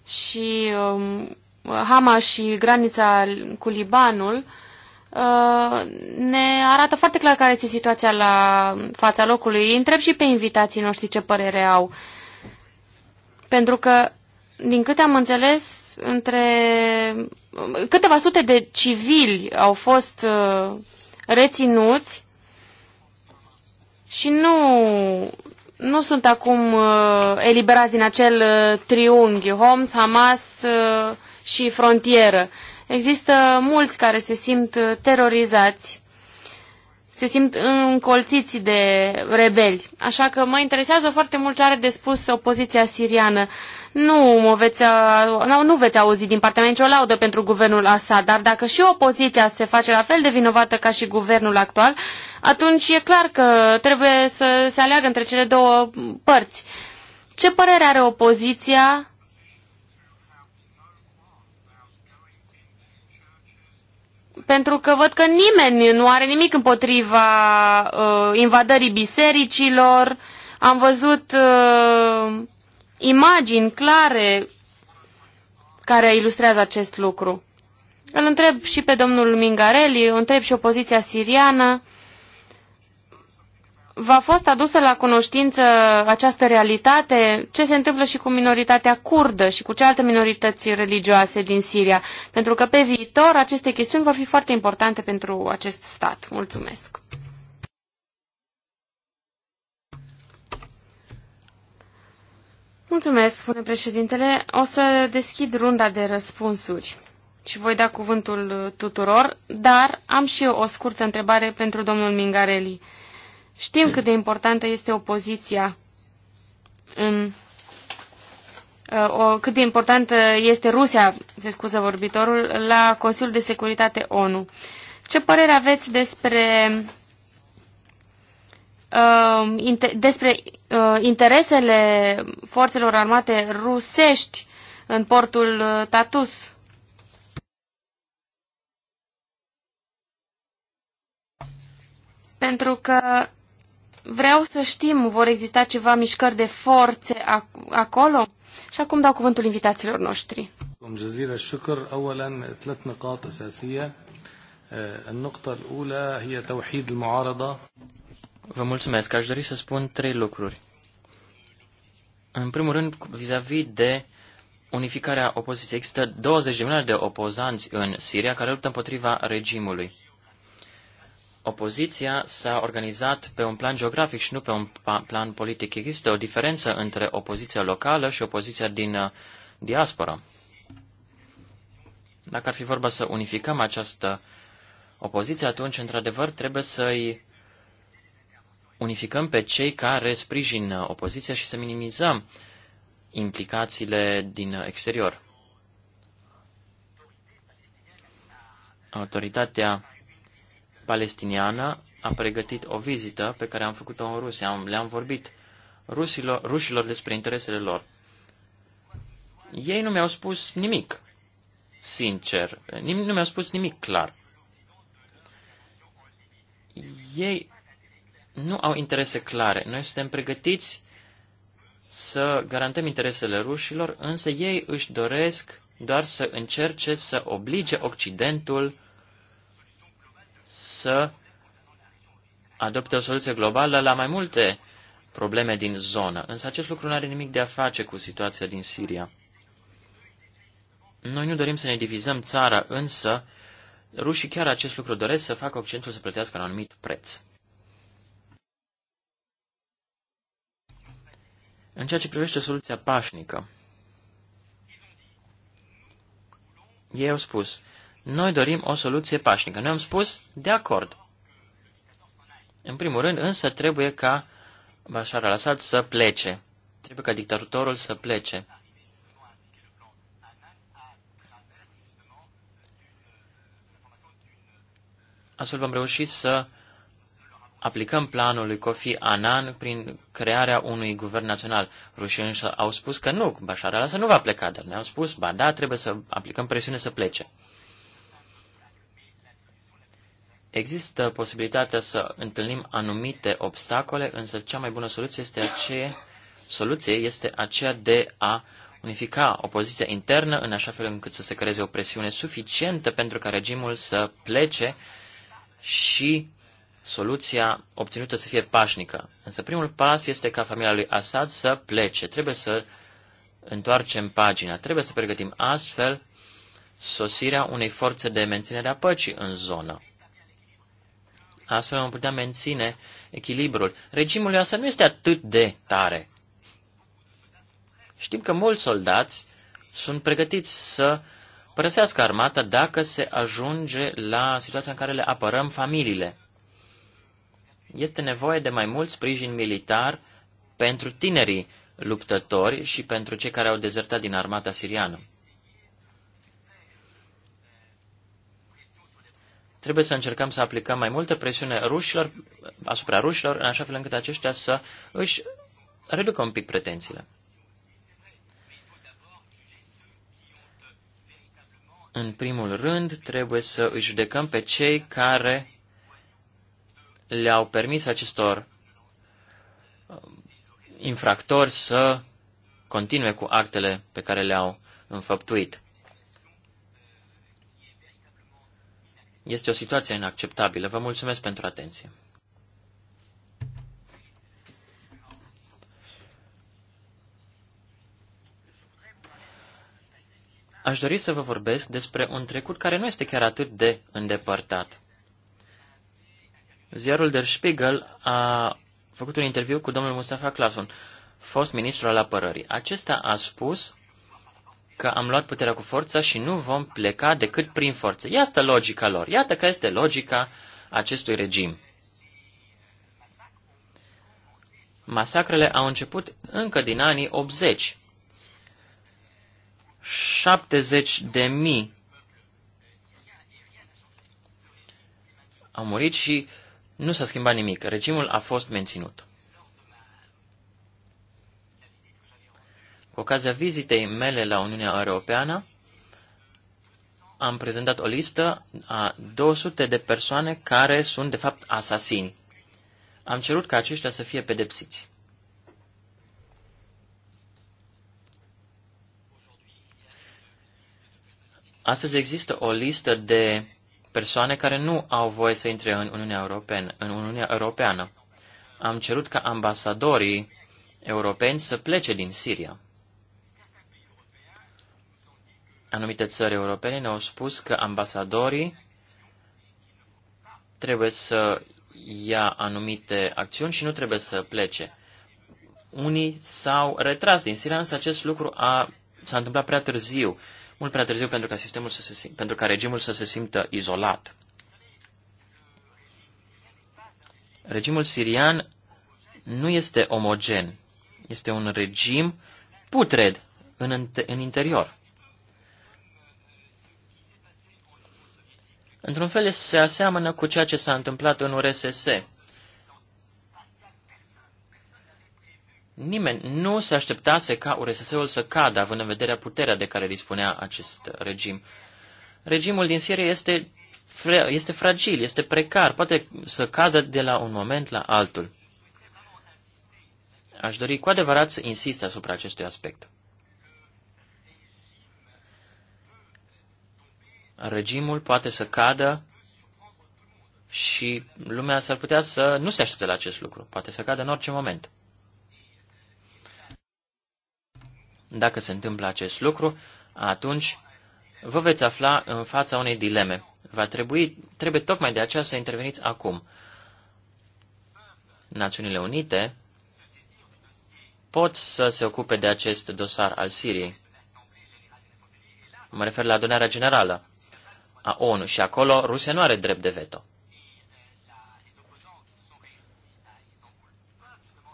S2: și um, Hama și granița cu Libanul uh, Uh, ne arată foarte clar care este situația la fața locului. Îi întreb și pe invitații noștri ce părere au. Pentru că, din câte am înțeles, între câteva sute de civili au fost uh, reținuți și nu, nu sunt acum uh, eliberați din acel triunghi, Homs, Hamas și frontieră. Există mulți care se simt uh, terorizați, se simt încolțiți de rebeli. Așa că mă interesează foarte mult ce are de spus opoziția siriană. Nu, mă veți, nu, nu veți auzi din partea mea nicio laudă pentru guvernul Assad, dar dacă și opoziția se face la fel de vinovată ca și guvernul actual, atunci e clar că trebuie să se aleagă între cele două părți. Ce părere are opoziția pentru că văd că nimeni nu are nimic împotriva uh, invadării bisericilor. Am văzut uh, imagini clare care ilustrează acest lucru. Îl întreb și pe domnul Mingarelli, îl întreb și opoziția siriană v-a fost adusă la cunoștință această realitate? Ce se întâmplă și cu minoritatea curdă și cu cealaltă minorități religioase din Siria? Pentru că pe viitor aceste chestiuni vor fi foarte importante pentru acest stat. Mulțumesc! Mulțumesc, spune președintele. O să deschid runda de răspunsuri și voi da cuvântul tuturor, dar am și eu o scurtă întrebare pentru domnul Mingarelli. Știm cât de importantă este opoziția în uh, cât de importantă este Rusia, se scuză vorbitorul, la Consiliul de Securitate ONU. Ce părere aveți despre, uh, inter, despre uh, interesele forțelor armate rusești în portul uh, Tatus? Pentru că Vreau să știm, vor exista ceva mișcări de forțe acolo? Și acum dau cuvântul invitațiilor noștri.
S1: Eh, Vă mulțumesc. Aș dori să spun trei lucruri. În primul rând, vis-a-vis -vis de unificarea opoziției, există 20 de milioane de opozanți în Siria care luptă împotriva regimului opoziția s-a organizat pe un plan geografic și nu pe un plan politic. Există o diferență între opoziția locală și opoziția din uh, diaspora. Dacă ar fi vorba să unificăm această opoziție, atunci, într-adevăr, trebuie să-i unificăm pe cei care sprijin uh, opoziția și să minimizăm implicațiile din uh, exterior. Autoritatea palestiniană a pregătit o vizită pe care am făcut-o în Rusia. Am, le-am vorbit rusilor, rușilor despre interesele lor. Ei nu mi-au spus nimic sincer, nim- nu mi-au spus nimic clar. Ei nu au interese clare. Noi suntem pregătiți să garantăm interesele rușilor, însă ei își doresc doar să încerce să oblige Occidentul să adopte o soluție globală la mai multe probleme din zonă. Însă acest lucru nu are nimic de a face cu situația din Siria. Noi nu dorim să ne divizăm țara, însă rușii chiar acest lucru doresc să facă Occidentul să plătească un anumit preț. În ceea ce privește soluția pașnică, ei au spus, noi dorim o soluție pașnică. Noi am spus, de acord. În primul rând, însă, trebuie ca Bashar al-Assad să plece. Trebuie ca dictatorul să plece. Astfel vom reuși să aplicăm planul lui Kofi Annan prin crearea unui guvern național. Rușii au spus că nu, Bashar al-Assad nu va pleca, dar ne-au spus, ba da, trebuie să aplicăm presiune să plece. Există posibilitatea să întâlnim anumite obstacole, însă cea mai bună soluție este aceea, soluție este aceea de a unifica opoziția internă în așa fel încât să se creeze o presiune suficientă pentru ca regimul să plece și soluția obținută să fie pașnică. Însă primul pas este ca familia lui Assad să plece. Trebuie să întoarcem pagina. Trebuie să pregătim astfel sosirea unei forțe de menținere a păcii în zonă. Astfel am putea menține echilibrul. Regimul lui Assad nu este atât de tare. Știm că mulți soldați sunt pregătiți să părăsească armata dacă se ajunge la situația în care le apărăm familiile. Este nevoie de mai mult sprijin militar pentru tinerii luptători și pentru cei care au dezertat din armata siriană. Trebuie să încercăm să aplicăm mai multă presiune rușilor, asupra rușilor, în așa fel încât aceștia să își reducă un pic pretențiile. În primul rând, trebuie să îi judecăm pe cei care le-au permis acestor um, infractori să continue cu actele pe care le-au înfăptuit. Este o situație inacceptabilă. Vă mulțumesc pentru atenție. Aș dori să vă vorbesc despre un trecut care nu este chiar atât de îndepărtat. Ziarul Der Spiegel a făcut un interviu cu domnul Mustafa Clason, fost ministru al apărării. Acesta a spus că am luat puterea cu forța și nu vom pleca decât prin forță. Iată logica lor. Iată că este logica acestui regim. Masacrele au început încă din anii 80. 70 de mii au murit și nu s-a schimbat nimic. Regimul a fost menținut. Cu ocazia vizitei mele la Uniunea Europeană, am prezentat o listă a 200 de persoane care sunt, de fapt, asasini. Am cerut ca aceștia să fie pedepsiți. Astăzi există o listă de persoane care nu au voie să intre în Uniunea, Europeană, în Uniunea Europeană. Am cerut ca ambasadorii europeni să plece din Siria. Anumite țări europene ne-au spus că ambasadorii trebuie să ia anumite acțiuni și nu trebuie să plece. Unii s-au retras din Siria, însă acest lucru a, s-a întâmplat prea târziu, mult prea târziu pentru ca, sistemul să se, pentru ca regimul să se simtă izolat. Regimul sirian nu este omogen. Este un regim putred în, în interior. Într-un fel se aseamănă cu ceea ce s-a întâmplat în URSS. Nimeni nu se așteptase ca URSS-ul să cadă, având în vedere puterea de care dispunea acest regim. Regimul din Siria este, este fragil, este precar, poate să cadă de la un moment la altul. Aș dori cu adevărat să insist asupra acestui aspect. regimul poate să cadă și lumea s-ar putea să nu se aștepte la acest lucru. Poate să cadă în orice moment. Dacă se întâmplă acest lucru, atunci vă veți afla în fața unei dileme. Va trebui, trebuie tocmai de aceea să interveniți acum. Națiunile Unite pot să se ocupe de acest dosar al Siriei. Mă refer la adunarea generală a ONU și acolo Rusia nu are drept de veto.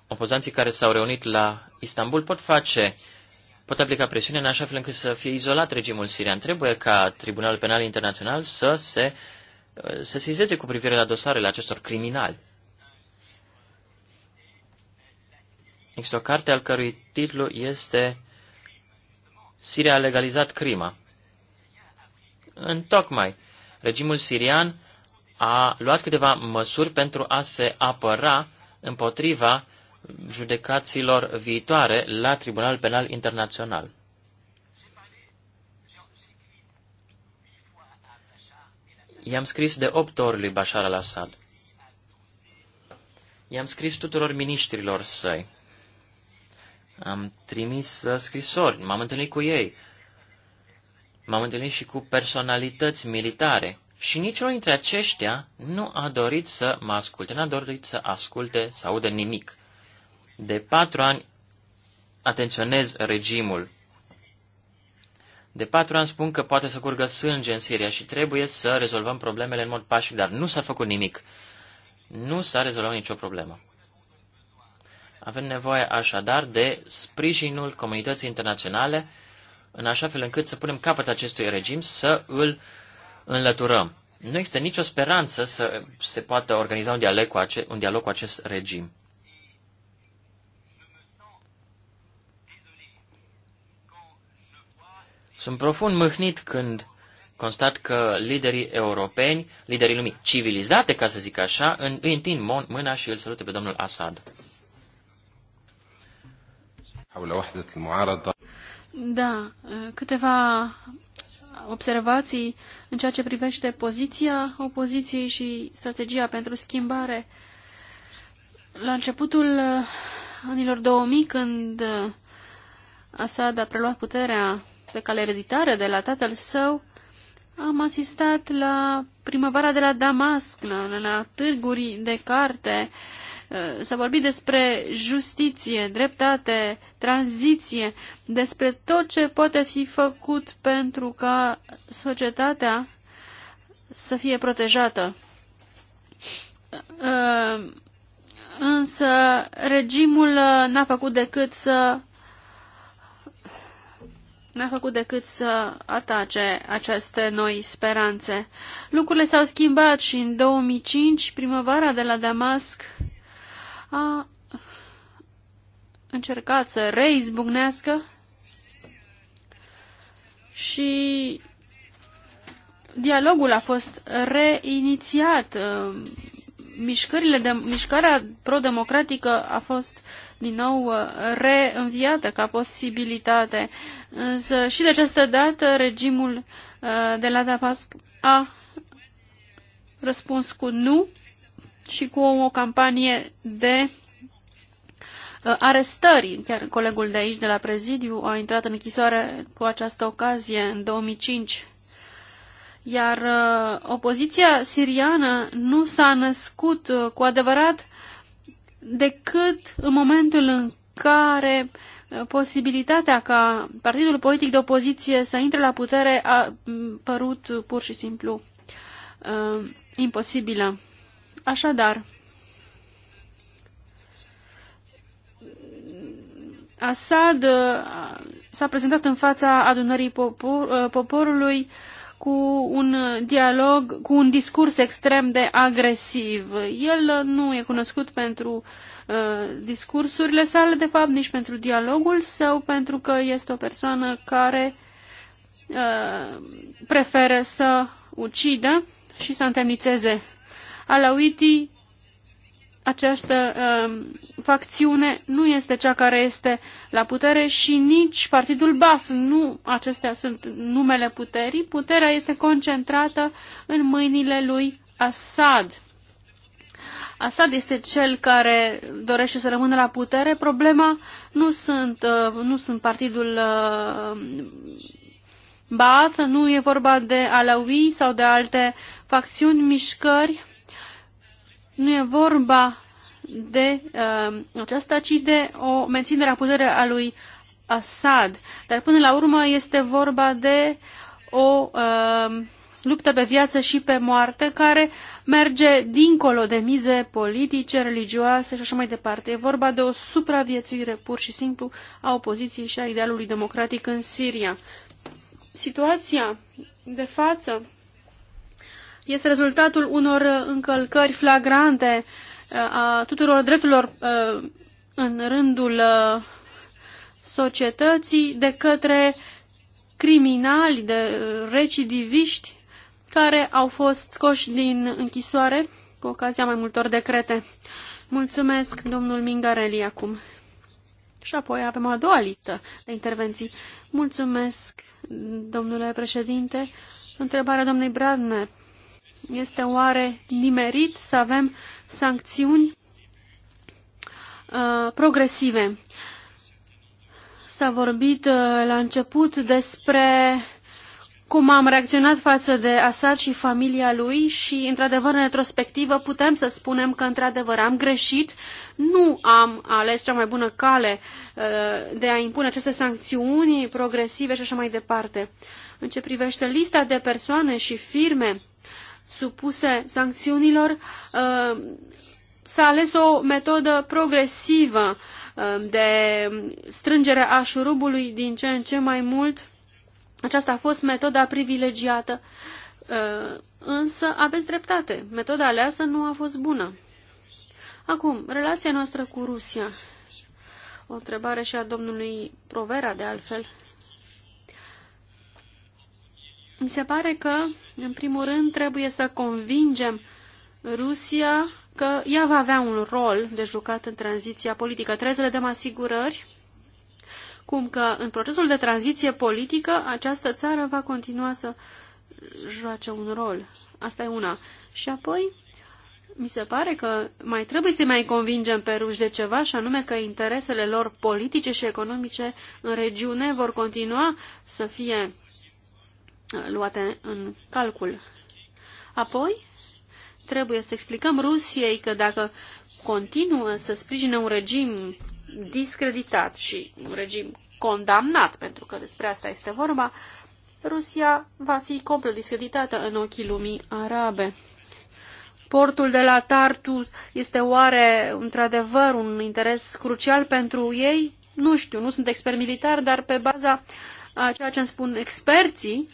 S1: Opozanții care s-au reunit la Istanbul pot face, pot aplica presiune în așa fel încât să fie izolat regimul sirian. Trebuie ca Tribunalul Penal Internațional să se să sizeze cu privire la dosarele acestor criminali. Există o carte al cărui titlu este Siria a legalizat crima. Întocmai, regimul sirian a luat câteva măsuri pentru a se apăra împotriva judecaților viitoare la Tribunal Penal Internațional. I-am scris de opt ori lui Bashar al-Assad. I-am scris tuturor miniștrilor săi. Am trimis uh, scrisori, m-am întâlnit cu ei, M-am întâlnit și cu personalități militare și niciunul dintre aceștia nu a dorit să mă asculte, n-a dorit să asculte, să audă nimic. De patru ani atenționez regimul. De patru ani spun că poate să curgă sânge în Siria și trebuie să rezolvăm problemele în mod pașnic, dar nu s-a făcut nimic. Nu s-a rezolvat nicio problemă. Avem nevoie așadar de sprijinul comunității internaționale în așa fel încât să punem capăt acestui regim, să îl înlăturăm. Nu există nicio speranță să se poată organiza un dialog cu, ace- un dialog cu acest regim. Sunt profund mâhnit când constat că liderii europeni, liderii lumii civilizate, ca să zic așa, îi întind mâna și îl salută pe domnul Assad.
S3: Da, câteva observații în ceea ce privește poziția opoziției și strategia pentru schimbare. La începutul uh, anilor 2000, când uh, Assad a preluat puterea pe cale ereditară de la tatăl său, am asistat la primăvara de la Damasc, la, la târguri de carte, uh, Eh, să vorbim despre justiție, dreptate, tranziție, despre tot ce poate fi făcut pentru ca societatea să fie protejată. Eh, însă regimul eh, n-a făcut decât să n-a făcut decât să atace aceste noi speranțe. Lucrurile s-au schimbat și în 2005, primăvara de la Damasc, a încercat să reizbucnească și dialogul a fost reinițiat. Mișcările de, mișcarea pro-democratică a fost din nou uh, reînviată ca posibilitate. Însă și de această dată regimul uh, de la Damasc a răspuns cu nu și cu o campanie de uh, arestări. Chiar colegul de aici, de la prezidiu, a intrat în închisoare cu această ocazie în 2005. Iar uh, opoziția siriană nu s-a născut uh, cu adevărat decât în momentul în care posibilitatea ca partidul politic de opoziție să intre la putere a părut pur și simplu uh, imposibilă. Așadar, Assad uh, s-a prezentat în fața adunării popor, uh, poporului cu un dialog, cu un discurs extrem de agresiv. El uh, nu e cunoscut pentru uh, discursurile sale, de fapt, nici pentru dialogul său, pentru că este o persoană care uh, preferă să ucidă și să întemnițeze Alawiti, această uh, facțiune nu este cea care este la putere și nici partidul BAF. Nu acestea sunt numele puterii. Puterea este concentrată în mâinile lui Assad. Assad este cel care dorește să rămână la putere. Problema nu sunt, uh, nu sunt partidul Baath, uh, nu e vorba de Alawi sau de alte facțiuni, mișcări nu e vorba de uh, aceasta, ci de o menținere a puterii a lui Assad. Dar până la urmă este vorba de o uh, luptă pe viață și pe moarte care merge dincolo de mize politice, religioase și așa mai departe. E vorba de o supraviețuire pur și simplu a opoziției și a idealului democratic în Siria. Situația de față este rezultatul unor uh, încălcări flagrante uh, a tuturor drepturilor uh, în rândul societății de către criminali, de recidiviști care au fost scoși din închisoare cu ocazia mai multor decrete. Mulțumesc, domnul Mingareli, acum. Și apoi avem o a doua listă de intervenții. Mulțumesc, domnule președinte. Întrebarea domnului Bradner. Este oare nimerit să avem sancțiuni uh, progresive? S-a vorbit uh, la început despre cum am reacționat față de Assad și familia lui și, într-adevăr, în retrospectivă, putem să spunem că, într-adevăr, am greșit, nu am ales cea mai bună cale uh, de a impune aceste sancțiuni progresive și așa mai departe. În ce privește lista de persoane și firme supuse sancțiunilor, uh, s-a ales o metodă progresivă uh, de strângere a șurubului din ce în ce mai mult. Aceasta a fost metoda privilegiată, uh, însă aveți dreptate, metoda aleasă nu a fost bună. Acum, relația noastră cu Rusia. O întrebare și a domnului Provera, de altfel. Mi se pare că, în primul rând, trebuie să convingem Rusia că ea va avea un rol de jucat în tranziția politică. Trebuie să le dăm asigurări cum că în procesul de tranziție politică această țară va continua să joace un rol. Asta e una. Și apoi, mi se pare că mai trebuie să mai convingem pe ruși de ceva, și anume că interesele lor politice și economice în regiune vor continua să fie luate în calcul. Apoi, trebuie să explicăm Rusiei că dacă continuă să sprijine un regim discreditat și un regim condamnat, pentru că despre asta este vorba, Rusia va fi complet discreditată în ochii lumii arabe. Portul de la Tartu este oare într-adevăr un interes crucial pentru ei? Nu știu, nu sunt expert militar, dar pe baza a ceea ce îmi spun experții,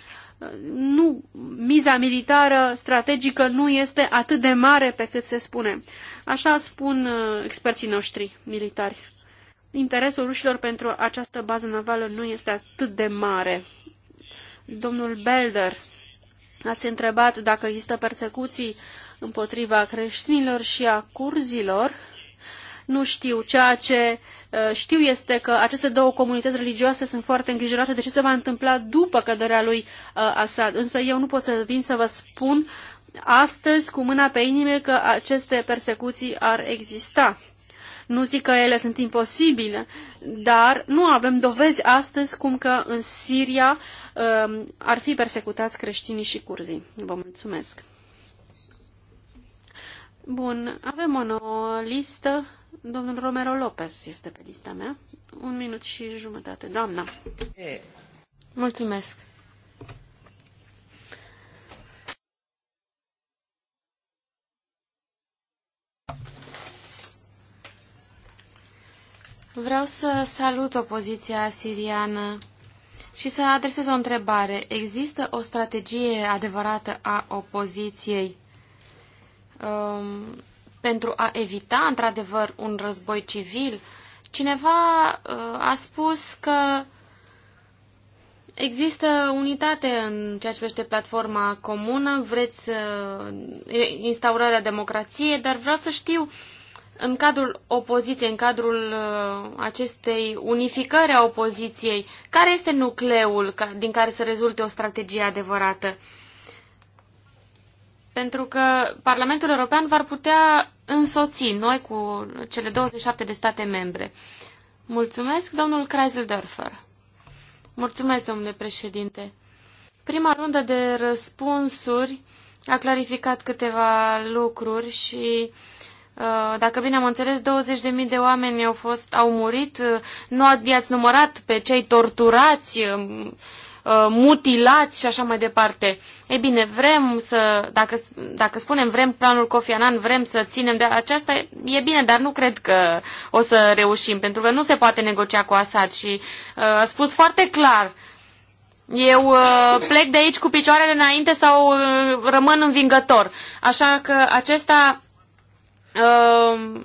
S3: nu, miza militară strategică nu este atât de mare pe cât se spune. Așa spun uh, experții noștri militari. Interesul rușilor pentru această bază navală nu este atât de mare. Domnul Belder, ați întrebat dacă există persecuții împotriva creștinilor și a curzilor. Nu știu ceea ce Uh, știu este că aceste două comunități religioase sunt foarte îngrijorate de ce se va întâmpla după căderea lui uh, Assad. Însă eu nu pot să vin să vă spun astăzi cu mâna pe inimă că aceste persecuții ar exista. Nu zic că ele sunt imposibile, dar nu avem dovezi astăzi cum că în Siria um, ar fi persecutați creștinii și curzii. Vă mulțumesc. Bun, avem o nouă listă Domnul Romero Lopez este pe lista mea. Un minut și jumătate. Doamna.
S2: Mulțumesc. Vreau să salut opoziția siriană și să adresez o întrebare. Există o strategie adevărată a opoziției? Um, pentru a evita, într-adevăr, un război civil. Cineva uh, a spus că există unitate în ceea ce privește platforma comună, vreți uh, instaurarea democrației, dar vreau să știu în cadrul opoziției, în cadrul uh, acestei unificări a opoziției, care este nucleul din care să rezulte o strategie adevărată? pentru că Parlamentul European va putea însoți noi cu cele 27 de state membre. Mulțumesc, domnul Kreiseldorfer. Mulțumesc, domnule președinte. Prima rundă de răspunsuri a clarificat câteva lucruri și uh, dacă bine am înțeles, 20.000 de oameni au, fost, au murit. Uh, nu i-ați numărat pe cei torturați, um, Uh, mutilați și așa mai departe. Ei bine, vrem să, dacă, dacă spunem vrem planul Kofi Annan, vrem să ținem de aceasta, e bine, dar nu cred că o să reușim, pentru că nu se poate negocia cu Assad și uh, a spus foarte clar eu uh, plec de aici cu picioarele înainte sau uh, rămân învingător. Așa că acesta uh,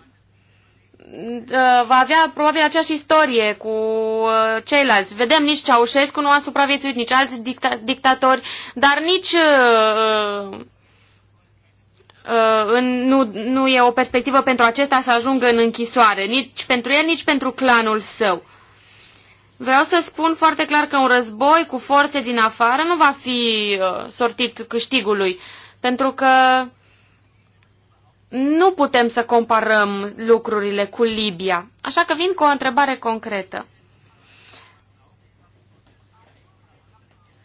S2: Uh, va avea probabil aceeași istorie cu uh, ceilalți. Vedem nici Ceaușescu nu a supraviețuit, nici alți dicta- dictatori, dar nici uh, uh, în, nu, nu e o perspectivă pentru acesta să ajungă în închisoare, nici pentru el, nici pentru clanul său. Vreau să spun foarte clar că un război cu forțe din afară nu va fi uh, sortit câștigului, pentru că nu putem să comparăm lucrurile cu Libia. Așa că vin cu o întrebare concretă.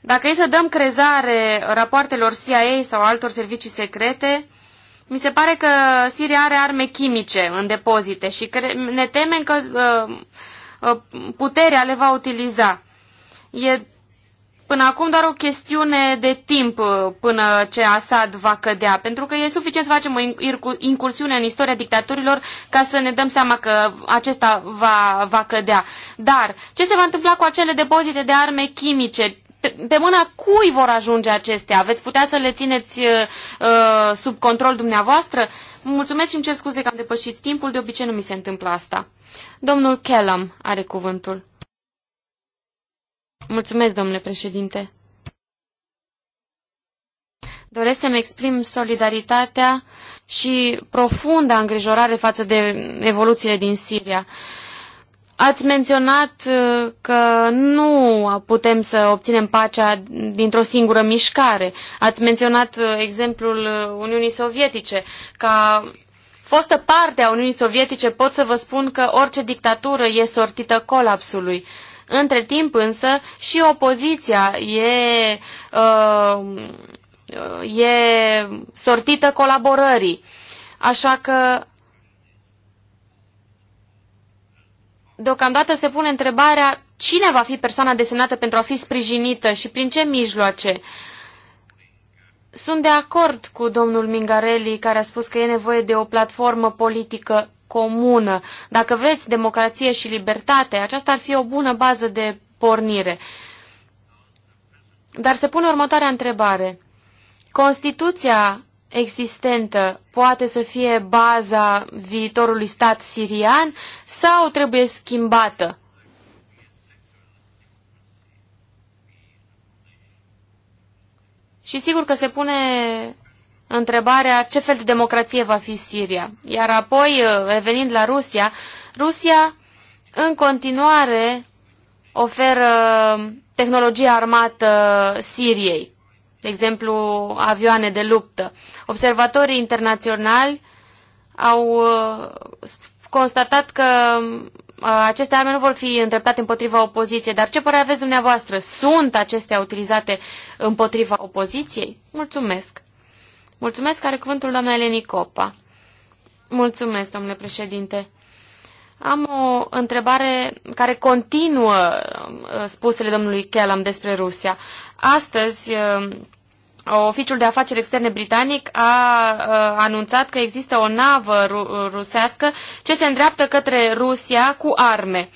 S2: Dacă e să dăm crezare rapoartelor CIA sau altor servicii secrete, mi se pare că Siria are arme chimice în depozite și ne temem că uh, uh, puterea le va utiliza. E Până acum doar o chestiune de timp uh, până ce Assad va cădea, pentru că e suficient să facem o incursiune în istoria dictaturilor ca să ne dăm seama că acesta va, va cădea. Dar ce se va întâmpla cu acele depozite de arme chimice? Pe, pe mâna cui vor ajunge acestea? Veți putea să le țineți uh, uh sub control dumneavoastră? Mulțumesc și îmi cer scuze că am depășit timpul, de obicei nu mi se întâmplă asta. Domnul Kellam are cuvântul. Mulțumesc, domnule președinte. Doresc să-mi exprim solidaritatea și profunda îngrijorare față de evoluțiile din Siria. Ați menționat uh, că nu putem să obținem pacea dintr-o singură mișcare. Ați menționat uh, exemplul uh, Uniunii Sovietice. Ca fostă parte a Uniunii Sovietice pot să vă spun că orice dictatură e sortită colapsului. Între timp însă și opoziția e, uh, e sortită colaborării. Așa că deocamdată se pune întrebarea cine va fi persoana desemnată pentru a fi sprijinită și prin ce mijloace. Sunt de acord cu domnul Mingarelli care a spus că e nevoie de o platformă politică comună. Dacă vreți democrație și libertate, aceasta ar fi o bună bază de pornire. Dar se pune următoarea întrebare. Constituția existentă poate să fie baza viitorului stat sirian sau trebuie schimbată? Și sigur că se pune întrebarea ce fel de democrație va fi Siria. Iar apoi, uh, revenind la Rusia, Rusia în continuare oferă tehnologie armată Siriei, de exemplu avioane de luptă. Observatorii internaționali au uh, constatat că uh, aceste arme nu vor fi îndreptate împotriva opoziției, dar ce părere aveți dumneavoastră? Sunt acestea utilizate împotriva opoziției? Mulțumesc! Mulțumesc, are cuvântul doamna Eleni Copa. Mulțumesc, domnule președinte. Am o întrebare care continuă uh, spusele domnului Kellam despre Rusia. Astăzi, uh, Oficiul de Afaceri Externe Britanic a uh, anunțat că există o navă rusească ce se îndreaptă către Rusia cu arme.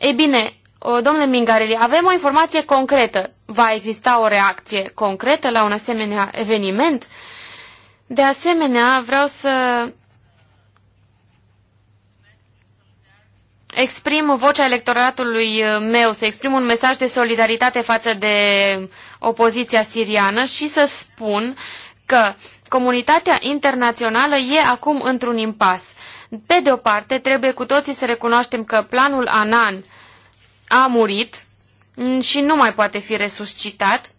S2: Ei bine, domnule Mingareli. avem o informație concretă. Va exista o reacție concretă la un asemenea eveniment? Uh, de asemenea, vreau să exprim vocea electoratului meu, să exprim un mesaj de solidaritate față de opoziția siriană și să spun că comunitatea internațională e acum într-un impas. Pe de o parte, trebuie cu toții să recunoaștem că planul Anan a murit și nu mai poate fi resuscitat,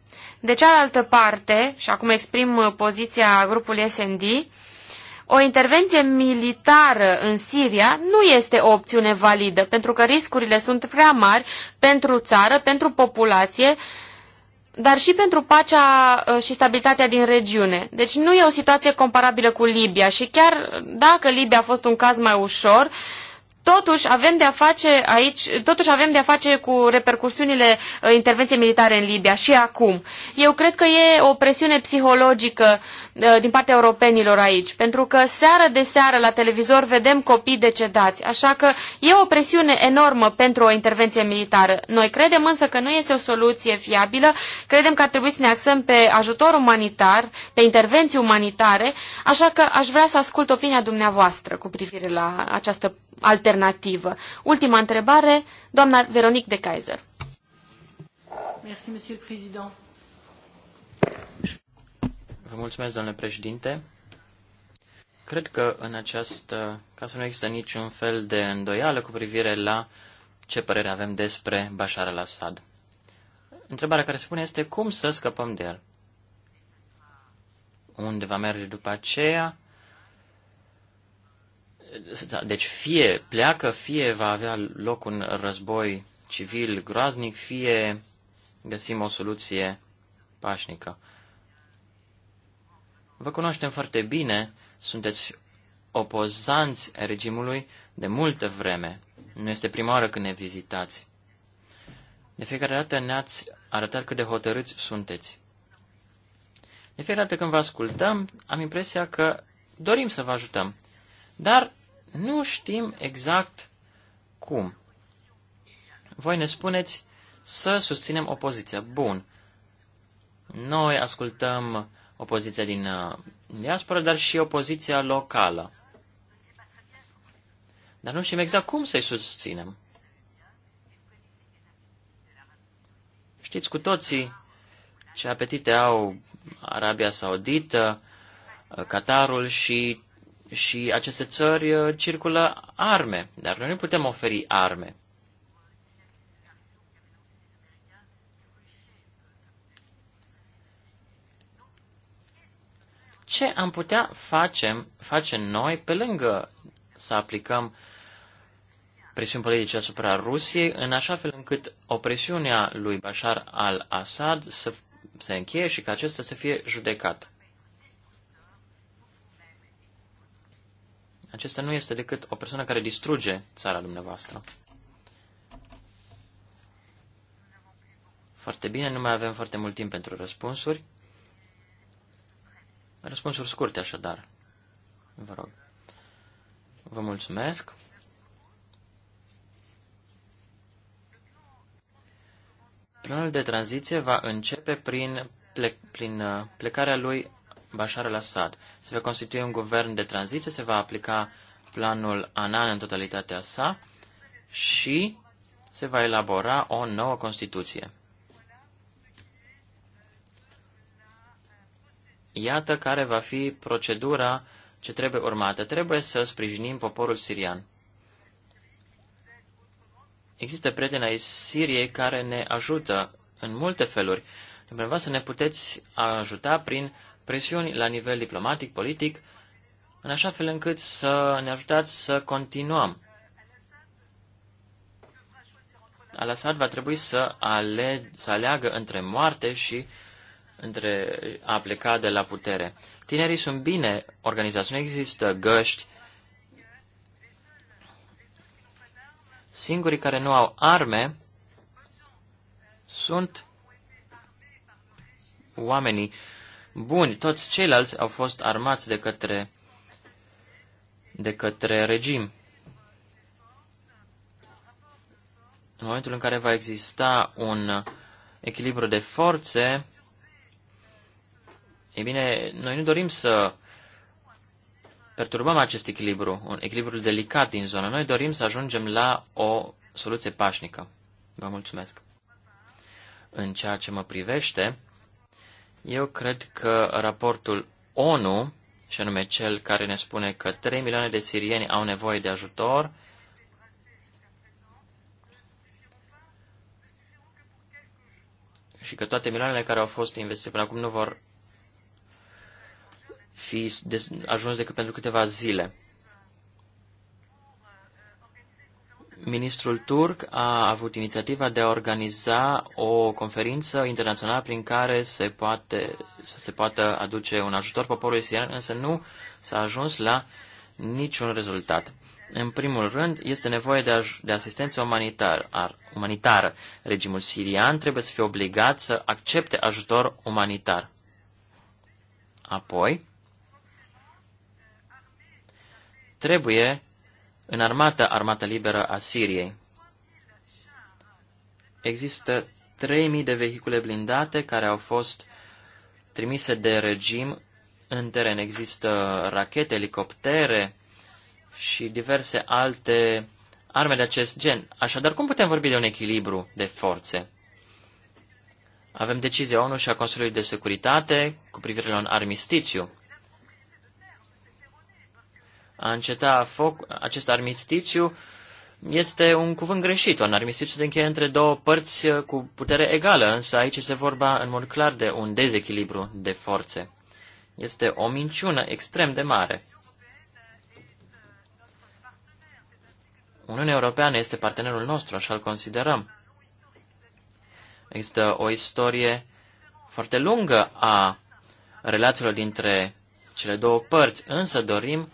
S2: de cealaltă parte, și acum exprim uh, poziția grupului SND, o intervenție militară în Siria nu este o opțiune validă, pentru că riscurile sunt prea mari pentru țară, pentru populație, dar și pentru pacea uh, și stabilitatea din regiune. Deci nu e o situație comparabilă cu Libia și chiar dacă Libia a fost un caz mai ușor, uh, Totuși avem de a face aici, totuși avem de a face cu repercursiunile uh, intervenției militare în Libia și acum. Eu cred că e o presiune psihologică Uh, din partea europenilor aici, pentru că seară de seară la televizor vedem copii decedați, așa că e o presiune enormă pentru o intervenție militară. Noi credem însă că nu este o soluție fiabilă, credem că ar trebui să ne axăm pe ajutor umanitar, pe intervenții umanitare, așa că aș vrea să ascult opinia dumneavoastră cu privire la această alternativă. Ultima întrebare, doamna Veronique de Kaiser.
S3: Merci, Monsieur le Président
S1: mulțumesc, domnule președinte. Cred că în această să nu există niciun fel de îndoială cu privire la ce părere avem despre Bashar al-Assad. Întrebarea care se pune este cum să scăpăm de el. Unde va merge după aceea? Deci fie pleacă, fie va avea loc un război civil groaznic, fie găsim o soluție pașnică. Vă cunoaștem foarte bine, sunteți opozanți regimului de multă vreme. Nu este prima oară când ne vizitați. De fiecare dată ne-ați arătat cât de hotărâți sunteți. De fiecare dată când vă ascultăm, am impresia că dorim să vă ajutăm, dar nu știm exact cum. Voi ne spuneți să susținem opoziția. Bun. Noi ascultăm opoziția din uh, diaspora, dar și opoziția locală. Dar nu știm exact cum să-i susținem. Știți cu toții ce apetite au Arabia Saudită, uh, Qatarul și, și aceste țări uh, circulă arme, dar noi nu putem oferi arme. ce am putea face, face noi pe lângă să aplicăm presiuni politice asupra Rusiei, în așa fel încât opresiunea lui Bashar al-Assad să se încheie și ca acesta să fie judecat. Acesta nu este decât o persoană care distruge țara dumneavoastră. Foarte bine, nu mai avem foarte mult timp pentru răspunsuri. Răspunsuri scurte, așadar. Vă rog. Vă mulțumesc. Planul de tranziție va începe prin, ple- prin uh, plecarea lui Bashar al-Assad. Se va constitui un guvern de tranziție, se va aplica planul Anan în totalitatea sa și se va elabora o nouă Constituție. Iată care va fi procedura ce trebuie urmată. Trebuie să sprijinim poporul sirian. Există prieteni ai Siriei care ne ajută în multe feluri. Dumneavoastră ne puteți ajuta prin presiuni la nivel diplomatic, politic, în așa fel încât să ne ajutați să continuăm. Al-Assad va trebui să, ale- să aleagă între moarte și între a pleca de la putere. Tinerii sunt bine organizați, nu există găști. Singurii care nu au arme sunt oamenii buni. Toți ceilalți au fost armați de către, de către regim. În momentul în care va exista un echilibru de forțe, ei bine, noi nu dorim să perturbăm acest echilibru, un echilibru delicat din zonă. Noi dorim să ajungem la o soluție pașnică. Vă mulțumesc. În ceea ce mă privește, eu cred că raportul ONU, și anume cel care ne spune că 3 milioane de sirieni au nevoie de ajutor, și că toate milioanele care au fost investite până acum nu vor fi ajuns decât pentru câteva zile. Ministrul turc a avut inițiativa de a organiza o conferință internațională prin care se poate, să se poată aduce un ajutor poporului sirian, însă nu s-a ajuns la niciun rezultat. În primul rând, este nevoie de, aj- de asistență umanitar, ar, umanitară. Regimul sirian trebuie să fie obligat să accepte ajutor umanitar. Apoi, trebuie înarmată armata liberă a Siriei. Există 3.000 de vehicule blindate care au fost trimise de regim în teren. Există rachete, elicoptere și diverse alte arme de acest gen. Așadar, cum putem vorbi de un echilibru de forțe? Avem decizia ONU și a Consiliului de Securitate cu privire la un armistițiu a înceta foc, acest armistițiu este un cuvânt greșit. Un armistițiu se încheie între două părți uh, cu putere egală, însă aici este vorba în mod clar de un dezechilibru de forțe. Este o minciună extrem de mare. Uniunea Europeană este partenerul nostru, așa l considerăm. Există o istorie foarte lungă a relațiilor dintre cele două părți, însă dorim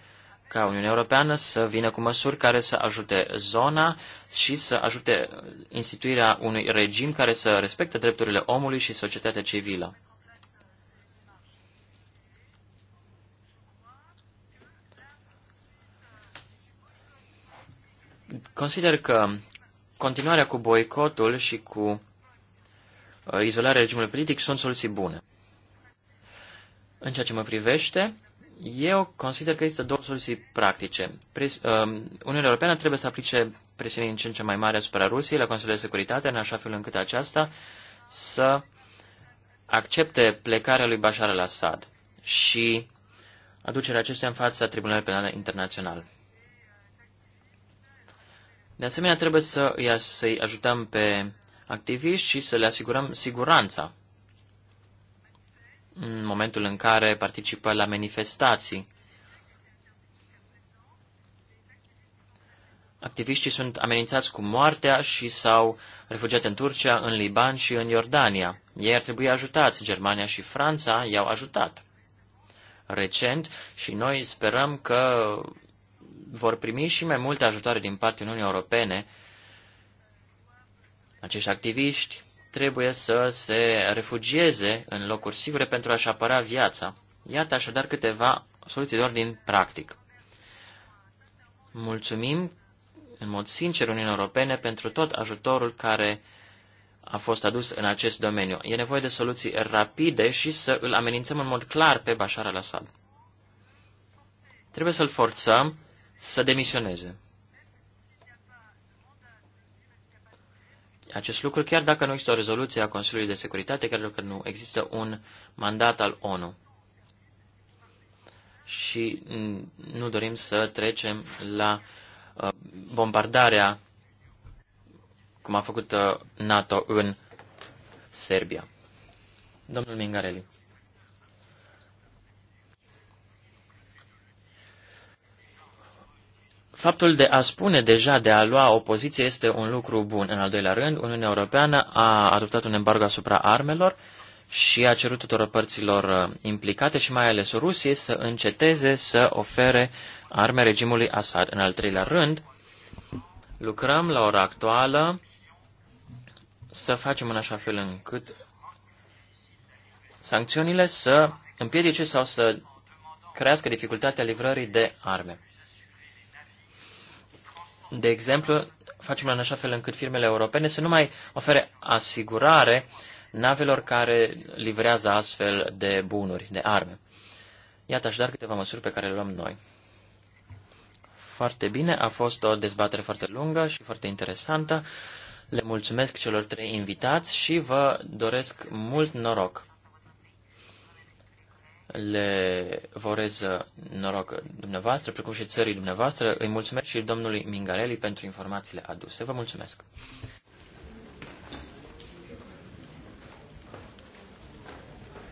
S1: ca Uniunea Europeană să vină cu măsuri care să ajute zona și să ajute instituirea unui regim care să respecte drepturile omului și societatea civilă. Consider că continuarea cu boicotul și cu uh, izolarea regimului politic sunt soluții bune. În ceea ce mă privește, eu consider că există două soluții practice. Pres, uh, Uniunea Europeană trebuie să aplice presiune în ce în ce mai mare asupra Rusiei la Consiliul de Securitate, în așa fel încât aceasta să accepte plecarea lui Bashar al-Assad și aducerea acestuia în fața Tribunalului Penal Internațional. De asemenea, trebuie să i ajutăm pe activiști și să le asigurăm siguranța în momentul în care participă la manifestații. Activiștii sunt amenințați cu moartea și s-au refugiat în Turcia, în Liban și în Iordania. Ei ar trebui ajutați. Germania și Franța i-au ajutat recent și noi sperăm că vor primi și mai multe ajutoare din partea Uniunii Europene acești activiști trebuie să se refugieze în locuri sigure pentru a-și apăra viața. Iată așadar câteva soluții doar din practic. Mulțumim în mod sincer Uniunii Europene pentru tot ajutorul care a fost adus în acest domeniu. E nevoie de soluții rapide și să îl amenințăm în mod clar pe Bashar al-Assad. Trebuie să-l forțăm să demisioneze. acest lucru, chiar dacă nu există o rezoluție a Consiliului de Securitate, chiar dacă nu există un mandat al ONU. Și mm, nu dorim să trecem la uh, bombardarea cum a făcut uh, NATO în Serbia. Domnul Mingarelli. Faptul de a spune deja, de a lua o poziție, este un lucru bun. În al doilea rând, Uniunea Europeană a adoptat un embargo asupra armelor și a cerut tuturor părților uh, implicate și mai ales Rusiei să înceteze să ofere arme regimului Assad. În al treilea rând, lucrăm la ora actuală să facem în așa fel încât sancțiunile să împiedice sau să crească dificultatea livrării de arme. De exemplu, facem în așa fel încât firmele europene să nu mai ofere asigurare navelor care livrează astfel de bunuri, de arme. Iată așadar câteva măsuri pe care le luăm noi. Foarte bine, a fost o dezbatere foarte lungă și foarte interesantă. Le mulțumesc celor trei invitați și vă doresc mult noroc le vorez uh, noroc dumneavoastră, precum și țării dumneavoastră. Îi mulțumesc și domnului Mingarelli pentru informațiile aduse. Vă mulțumesc!